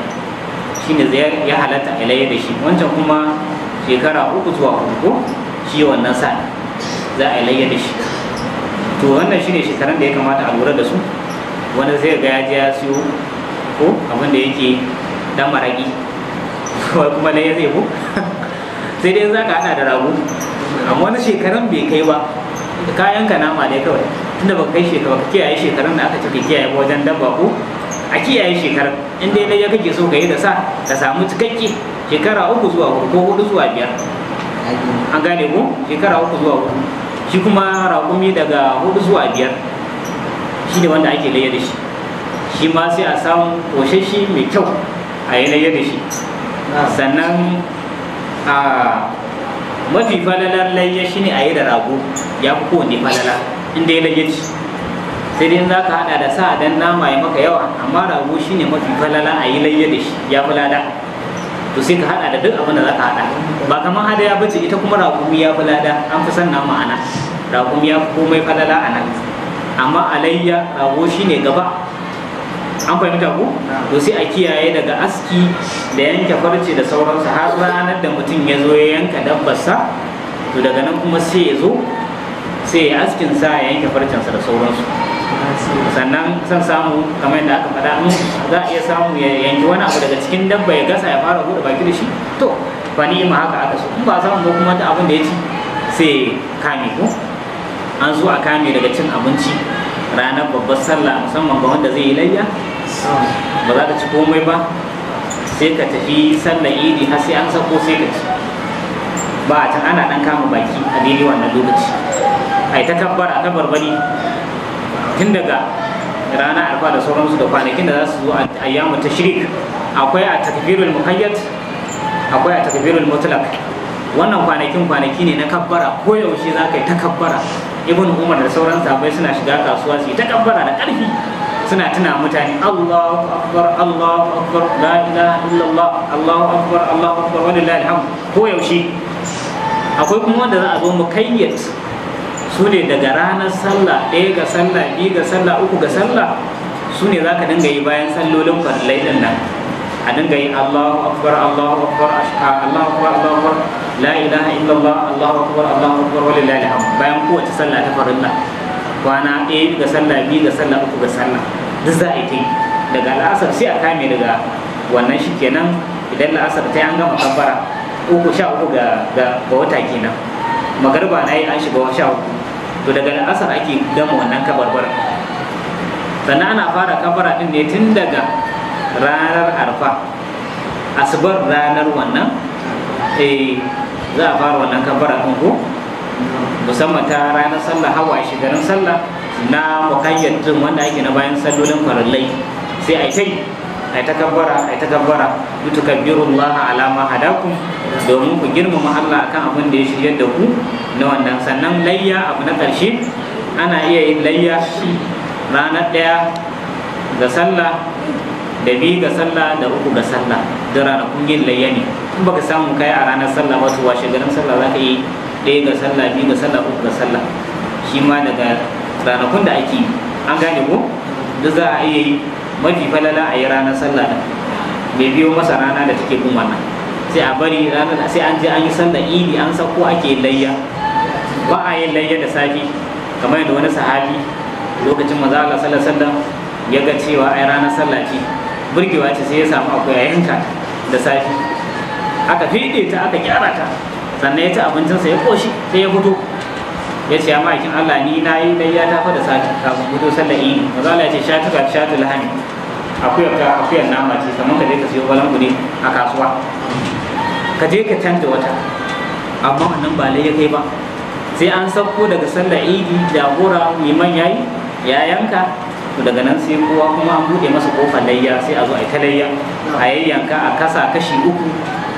shine zai ya halatta a laye da shi wancan kuma shekara uku zuwa hudu ko shi wannan sa za a laye da shi to wannan shine shekarun da ya kamata a lura da su wanda zai ga ya je ya siyo ko abin da yake dan maragi kawai kuma ne ya zai ko sai dai za ka hada da rago amma wani shekaran bai kai ba kayan ka nama ne kawai tunda ba kai shekara ka kiyaye shekaran da aka ce ka kiyaye wajen dabba ko a kiyaye shekaran in dai na kake so ka yi da sa ka samu cikakke shekara uku zuwa hudu ko hudu zuwa biyar an gane ko shekara uku zuwa hudu shi kuma raƙumi daga hudu zuwa biyar shi ne wanda ake layyar da shi shi ma sai a samu ƙoshashe mai kyau a yanayi da shi sannan a mafi falalar layya shi ne a yi da rago ya fi kowane falala inda ya layya ci sai dai za ka hada da sa dan nama ya maka yawa amma rago shi ne mafi falala a yi layyar da shi ya lada to sai ka hada da duk abin da za ka hada ba kamar ya bace ita kuma rago ya lada an fi san nama ana rago ya komai falala a nan amma alayya rago shi ne gaba an fahimta ku to sai a kiyaye daga aski da yanke farce da sauransu har ranar da mutum ya zo ya yanka dabbarsa to daga nan kuma sai ya zo sai ya askin sa ya yanke farcensa da sauransu sannan san samu kamar yadda aka faɗa in za a iya samu ya yanki wani abu daga cikin dabba ya gasa ya fara buɗe baki da shi to ba ni ma haka aka so in ba samu kuma da abin da ya ci sai kame ko an zo a kame daga cin abinci ranar babbar sallah musamman ga wanda zai yi layya ba za ka ci komai ba sai ka tafi sallar idi har sai an sako sai ka ci ba a can ana dan kama baki a daidai wannan lokaci a yi ta kabbara ta barbari tun daga rana alfa da sauransu da kwanakin da za su zo a ayyamu ta shirik akwai a takbirul muhayyad akwai a takbirul mutlaq wannan kwanakin kwanaki ne na kabbara koyaushe za ka yi ta kabbara ibn umar da sauran sahabbai suna shiga kasuwa su yi ta kabbara da ƙarfi suna tuna mutane Allahu akbar Allahu akbar la ilaha illallah Allahu akbar Allahu akbar walillahi alhamd ko yaushe akwai kuma wanda za a zo kayyat su ne daga ranar sallah ɗaya ga sallah biyu ga sallah uku ga sallah su ne za ka dinga yi bayan sallolin farillai ɗin nan a dinga yi Allahu akbar Allahu akbar Allahu akbar Allahu akbar la ilaha illallah Allahu akbar Allahu akbar walillahi alhamd bayan kowace sallah ta farilla kwana ɗaya ga sallah biyu ga sallah uku ga sallah duk za a yi ta yi daga al'asar sai a kame daga wannan shi kenan idan la'asar ta yi an gama kabbara uku sha uku ga wata kenan magarba na yi an shiga sha uku to daga la'asar ake gama wannan kabarbar sannan ana fara kabara ɗin ne tun daga ranar arfa asibar ranar wannan eh za a fara wannan kafara ɗin ko musamman ta ranar sallah hawa shi garin sallah na mukayyadin wanda ake na bayan sallolin farallai sai a kai a ta takabbara a ta kafara yutukabbiru ala ma hadakum domin ku girmama Allah akan abin da ya shiryar da ku na wannan sannan layya abu na ƙarshe ana iya yin layya ranar ɗaya ga sallah da biyu ga sallah da uku ga sallah da ranakun yin layyani ne in baka samu kai a ranar sallah ba to washe garin sallah za ka yi ɗaya ga sallah biyu ga sallah uku ga sallah shi ma daga ranakun da ake yi an gane ko da za a iya yi mafi falala a yi ranar sallah da mai biyo masa rana da take kuma nan sai a bari ranar sai an je an yi sallah idi an sako ake layya ba a yin layya da safe kamar yadda wani sahabi lokacin maza Allah sallallahu alaihi wasallam ya ga cewa ai ranar sallah ce burgewa ce sai ya samu akwai a yanka da safe aka fiɗe ta aka gyara ta sannan ya ci abincinsa ya koshi sai ya fito ya ce amma Allah ni na yi dai ya tafa da safe kafin fito sallar yi maza ya ce sha lahani akuyar ka akuyar nama ce kamar ka je ka siyo balangu ne a kasuwa ka je ka canta wata amma wannan ba lai ya kai ba sai an sauko daga sallar idi jagora liman manyayi. ya yanka daga nan sai kowa kuma an buɗe masa kofar layya sai a zo a ta layya a yayyanka a kasa kashi uku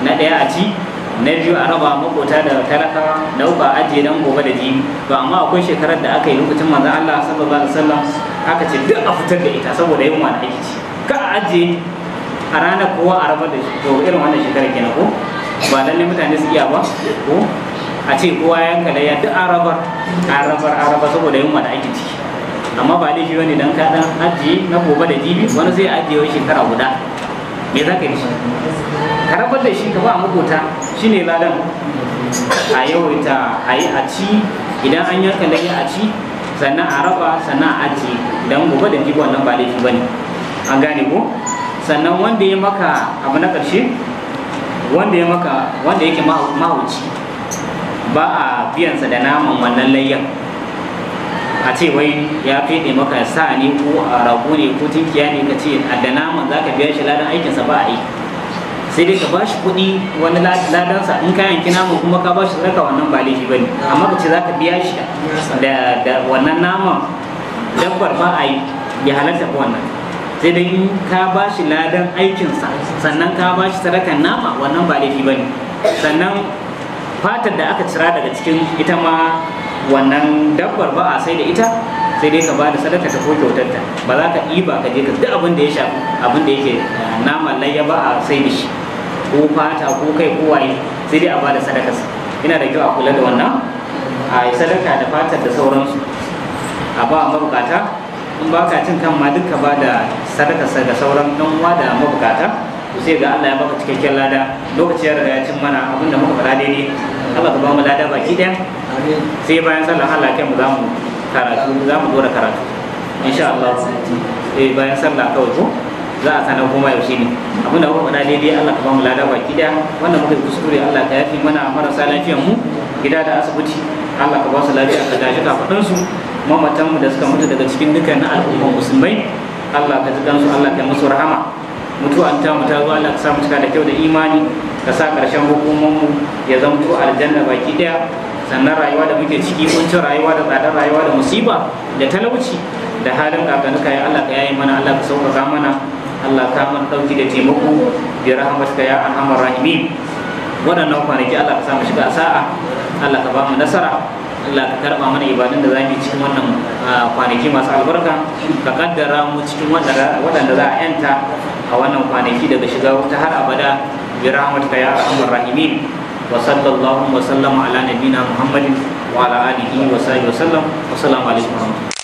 na ɗaya a ci na biyu a raba makota da talaka da uku a ajiye dan gobe da jini. to amma akwai shekarar da aka yi lokacin manzon Allah sallallahu alaihi wasallam aka ce duk a fitar da ita saboda yunwa da aiki ka a ajiye a ranar kowa a rabar da shi to irin wannan shekarar kenan ko ba lalle mutane su iya ba ko a ce kowa yanka da ya duk rabar a rabar saboda yunwa da aiki ciki amma ba laifi bane dan ka dan ajiye na gobe da jibi wani zai ajiye wa shekara guda me za ka yi shi ka rabar da shi ka ba shi shine ladan a yawaita a yi a ci idan an yanka da a ci sannan a raba sannan a ajiye dan gobe da jibi wannan ba laifi bane an gane ko sannan wanda ya maka abu na ƙarshe wanda ya maka wanda yake mahauci ba a biyansa da naman wannan layyan a ce wai ya fede maka sa ne ko a rabu ne ko tinkiya ne ka ce a da naman za ka biya shi ladan aikinsa ba a yi sai dai ka ba shi kuɗi wani ladansa in ka yanki naman kuma ka ba shi sadaka wannan ba laifi ba ne amma ka ce za ka biya shi da wannan naman dabbar ba a yi ya halatta wannan sai dai in ka ba shi ladan aikinsa sannan ka ba shi sadakan nama wannan ba laifi ba ne sannan fatar da aka cira daga cikin ita ma wannan dabbar ba a sai da ita sai dai ka ba da sadaka ta ko wutarta, ta ba za ka ɗiba ka je ka duk abin da ya shafi abin da yake eh, nama layya ba a sai da shi ko fata ko kai ko waye sai dai a ba da sadaka ina da kyau a kula da wannan a yi sadaka da fatar da sauransu a ba mabukata in ba ka cin kan ma duk ka ba da sadaka ga sauran ɗan uwa da mabukata to sai ga Allah ya baka cikakken lada lokaci ya riga ya cin mana abinda muka fara daidai Allah ka ba mu lada baki ɗaya sai bayan sallar Allah kai mu zamu karatu zamu dora karatu insha Allah sai eh, bayan sallah kawai ko za a sanar kuma yaushe ne abin da kuma daidai Allah ka ba mu lada baki da wannan muke kuskure Allah ka yafi mana marasa salafiyan mu gida da asibiti Allah ka ba su lafiya ka gaji kafadun su mamatan mu da suka mutu daga cikin dukkan al'umma musulmai Allah ka ji su Allah ka musu rahama mutuwan ta mu ta zo Allah ka sa mu cika da kyau da imani ka sa ƙarshen mu ya zamto aljanna baki daya sannan rayuwa da muke ciki kuncin rayuwa da tsadar rayuwa da musiba da talauci da halin kakanuka ya Allah ka yayi mana Allah ka sauƙaƙa mana Allah ka mana ɗauki da taimako bi rahmatka ya arhamar rahimin waɗannan kwanaki Allah ka sa mu shiga sa'a Allah ka ba mu nasara Allah ka karɓa mana ibadun da za mu yi cikin wannan kwanaki masu albarka ka kaddara mu cikin waɗanda za a yanta a wannan kwanaki daga shiga wata har abada bi rahmatka ya arhamar rahimin وصلى اللهم وسلم على نبينا محمد وعلى آله وصحبه وسلم والسلام عليكم ورحمة الله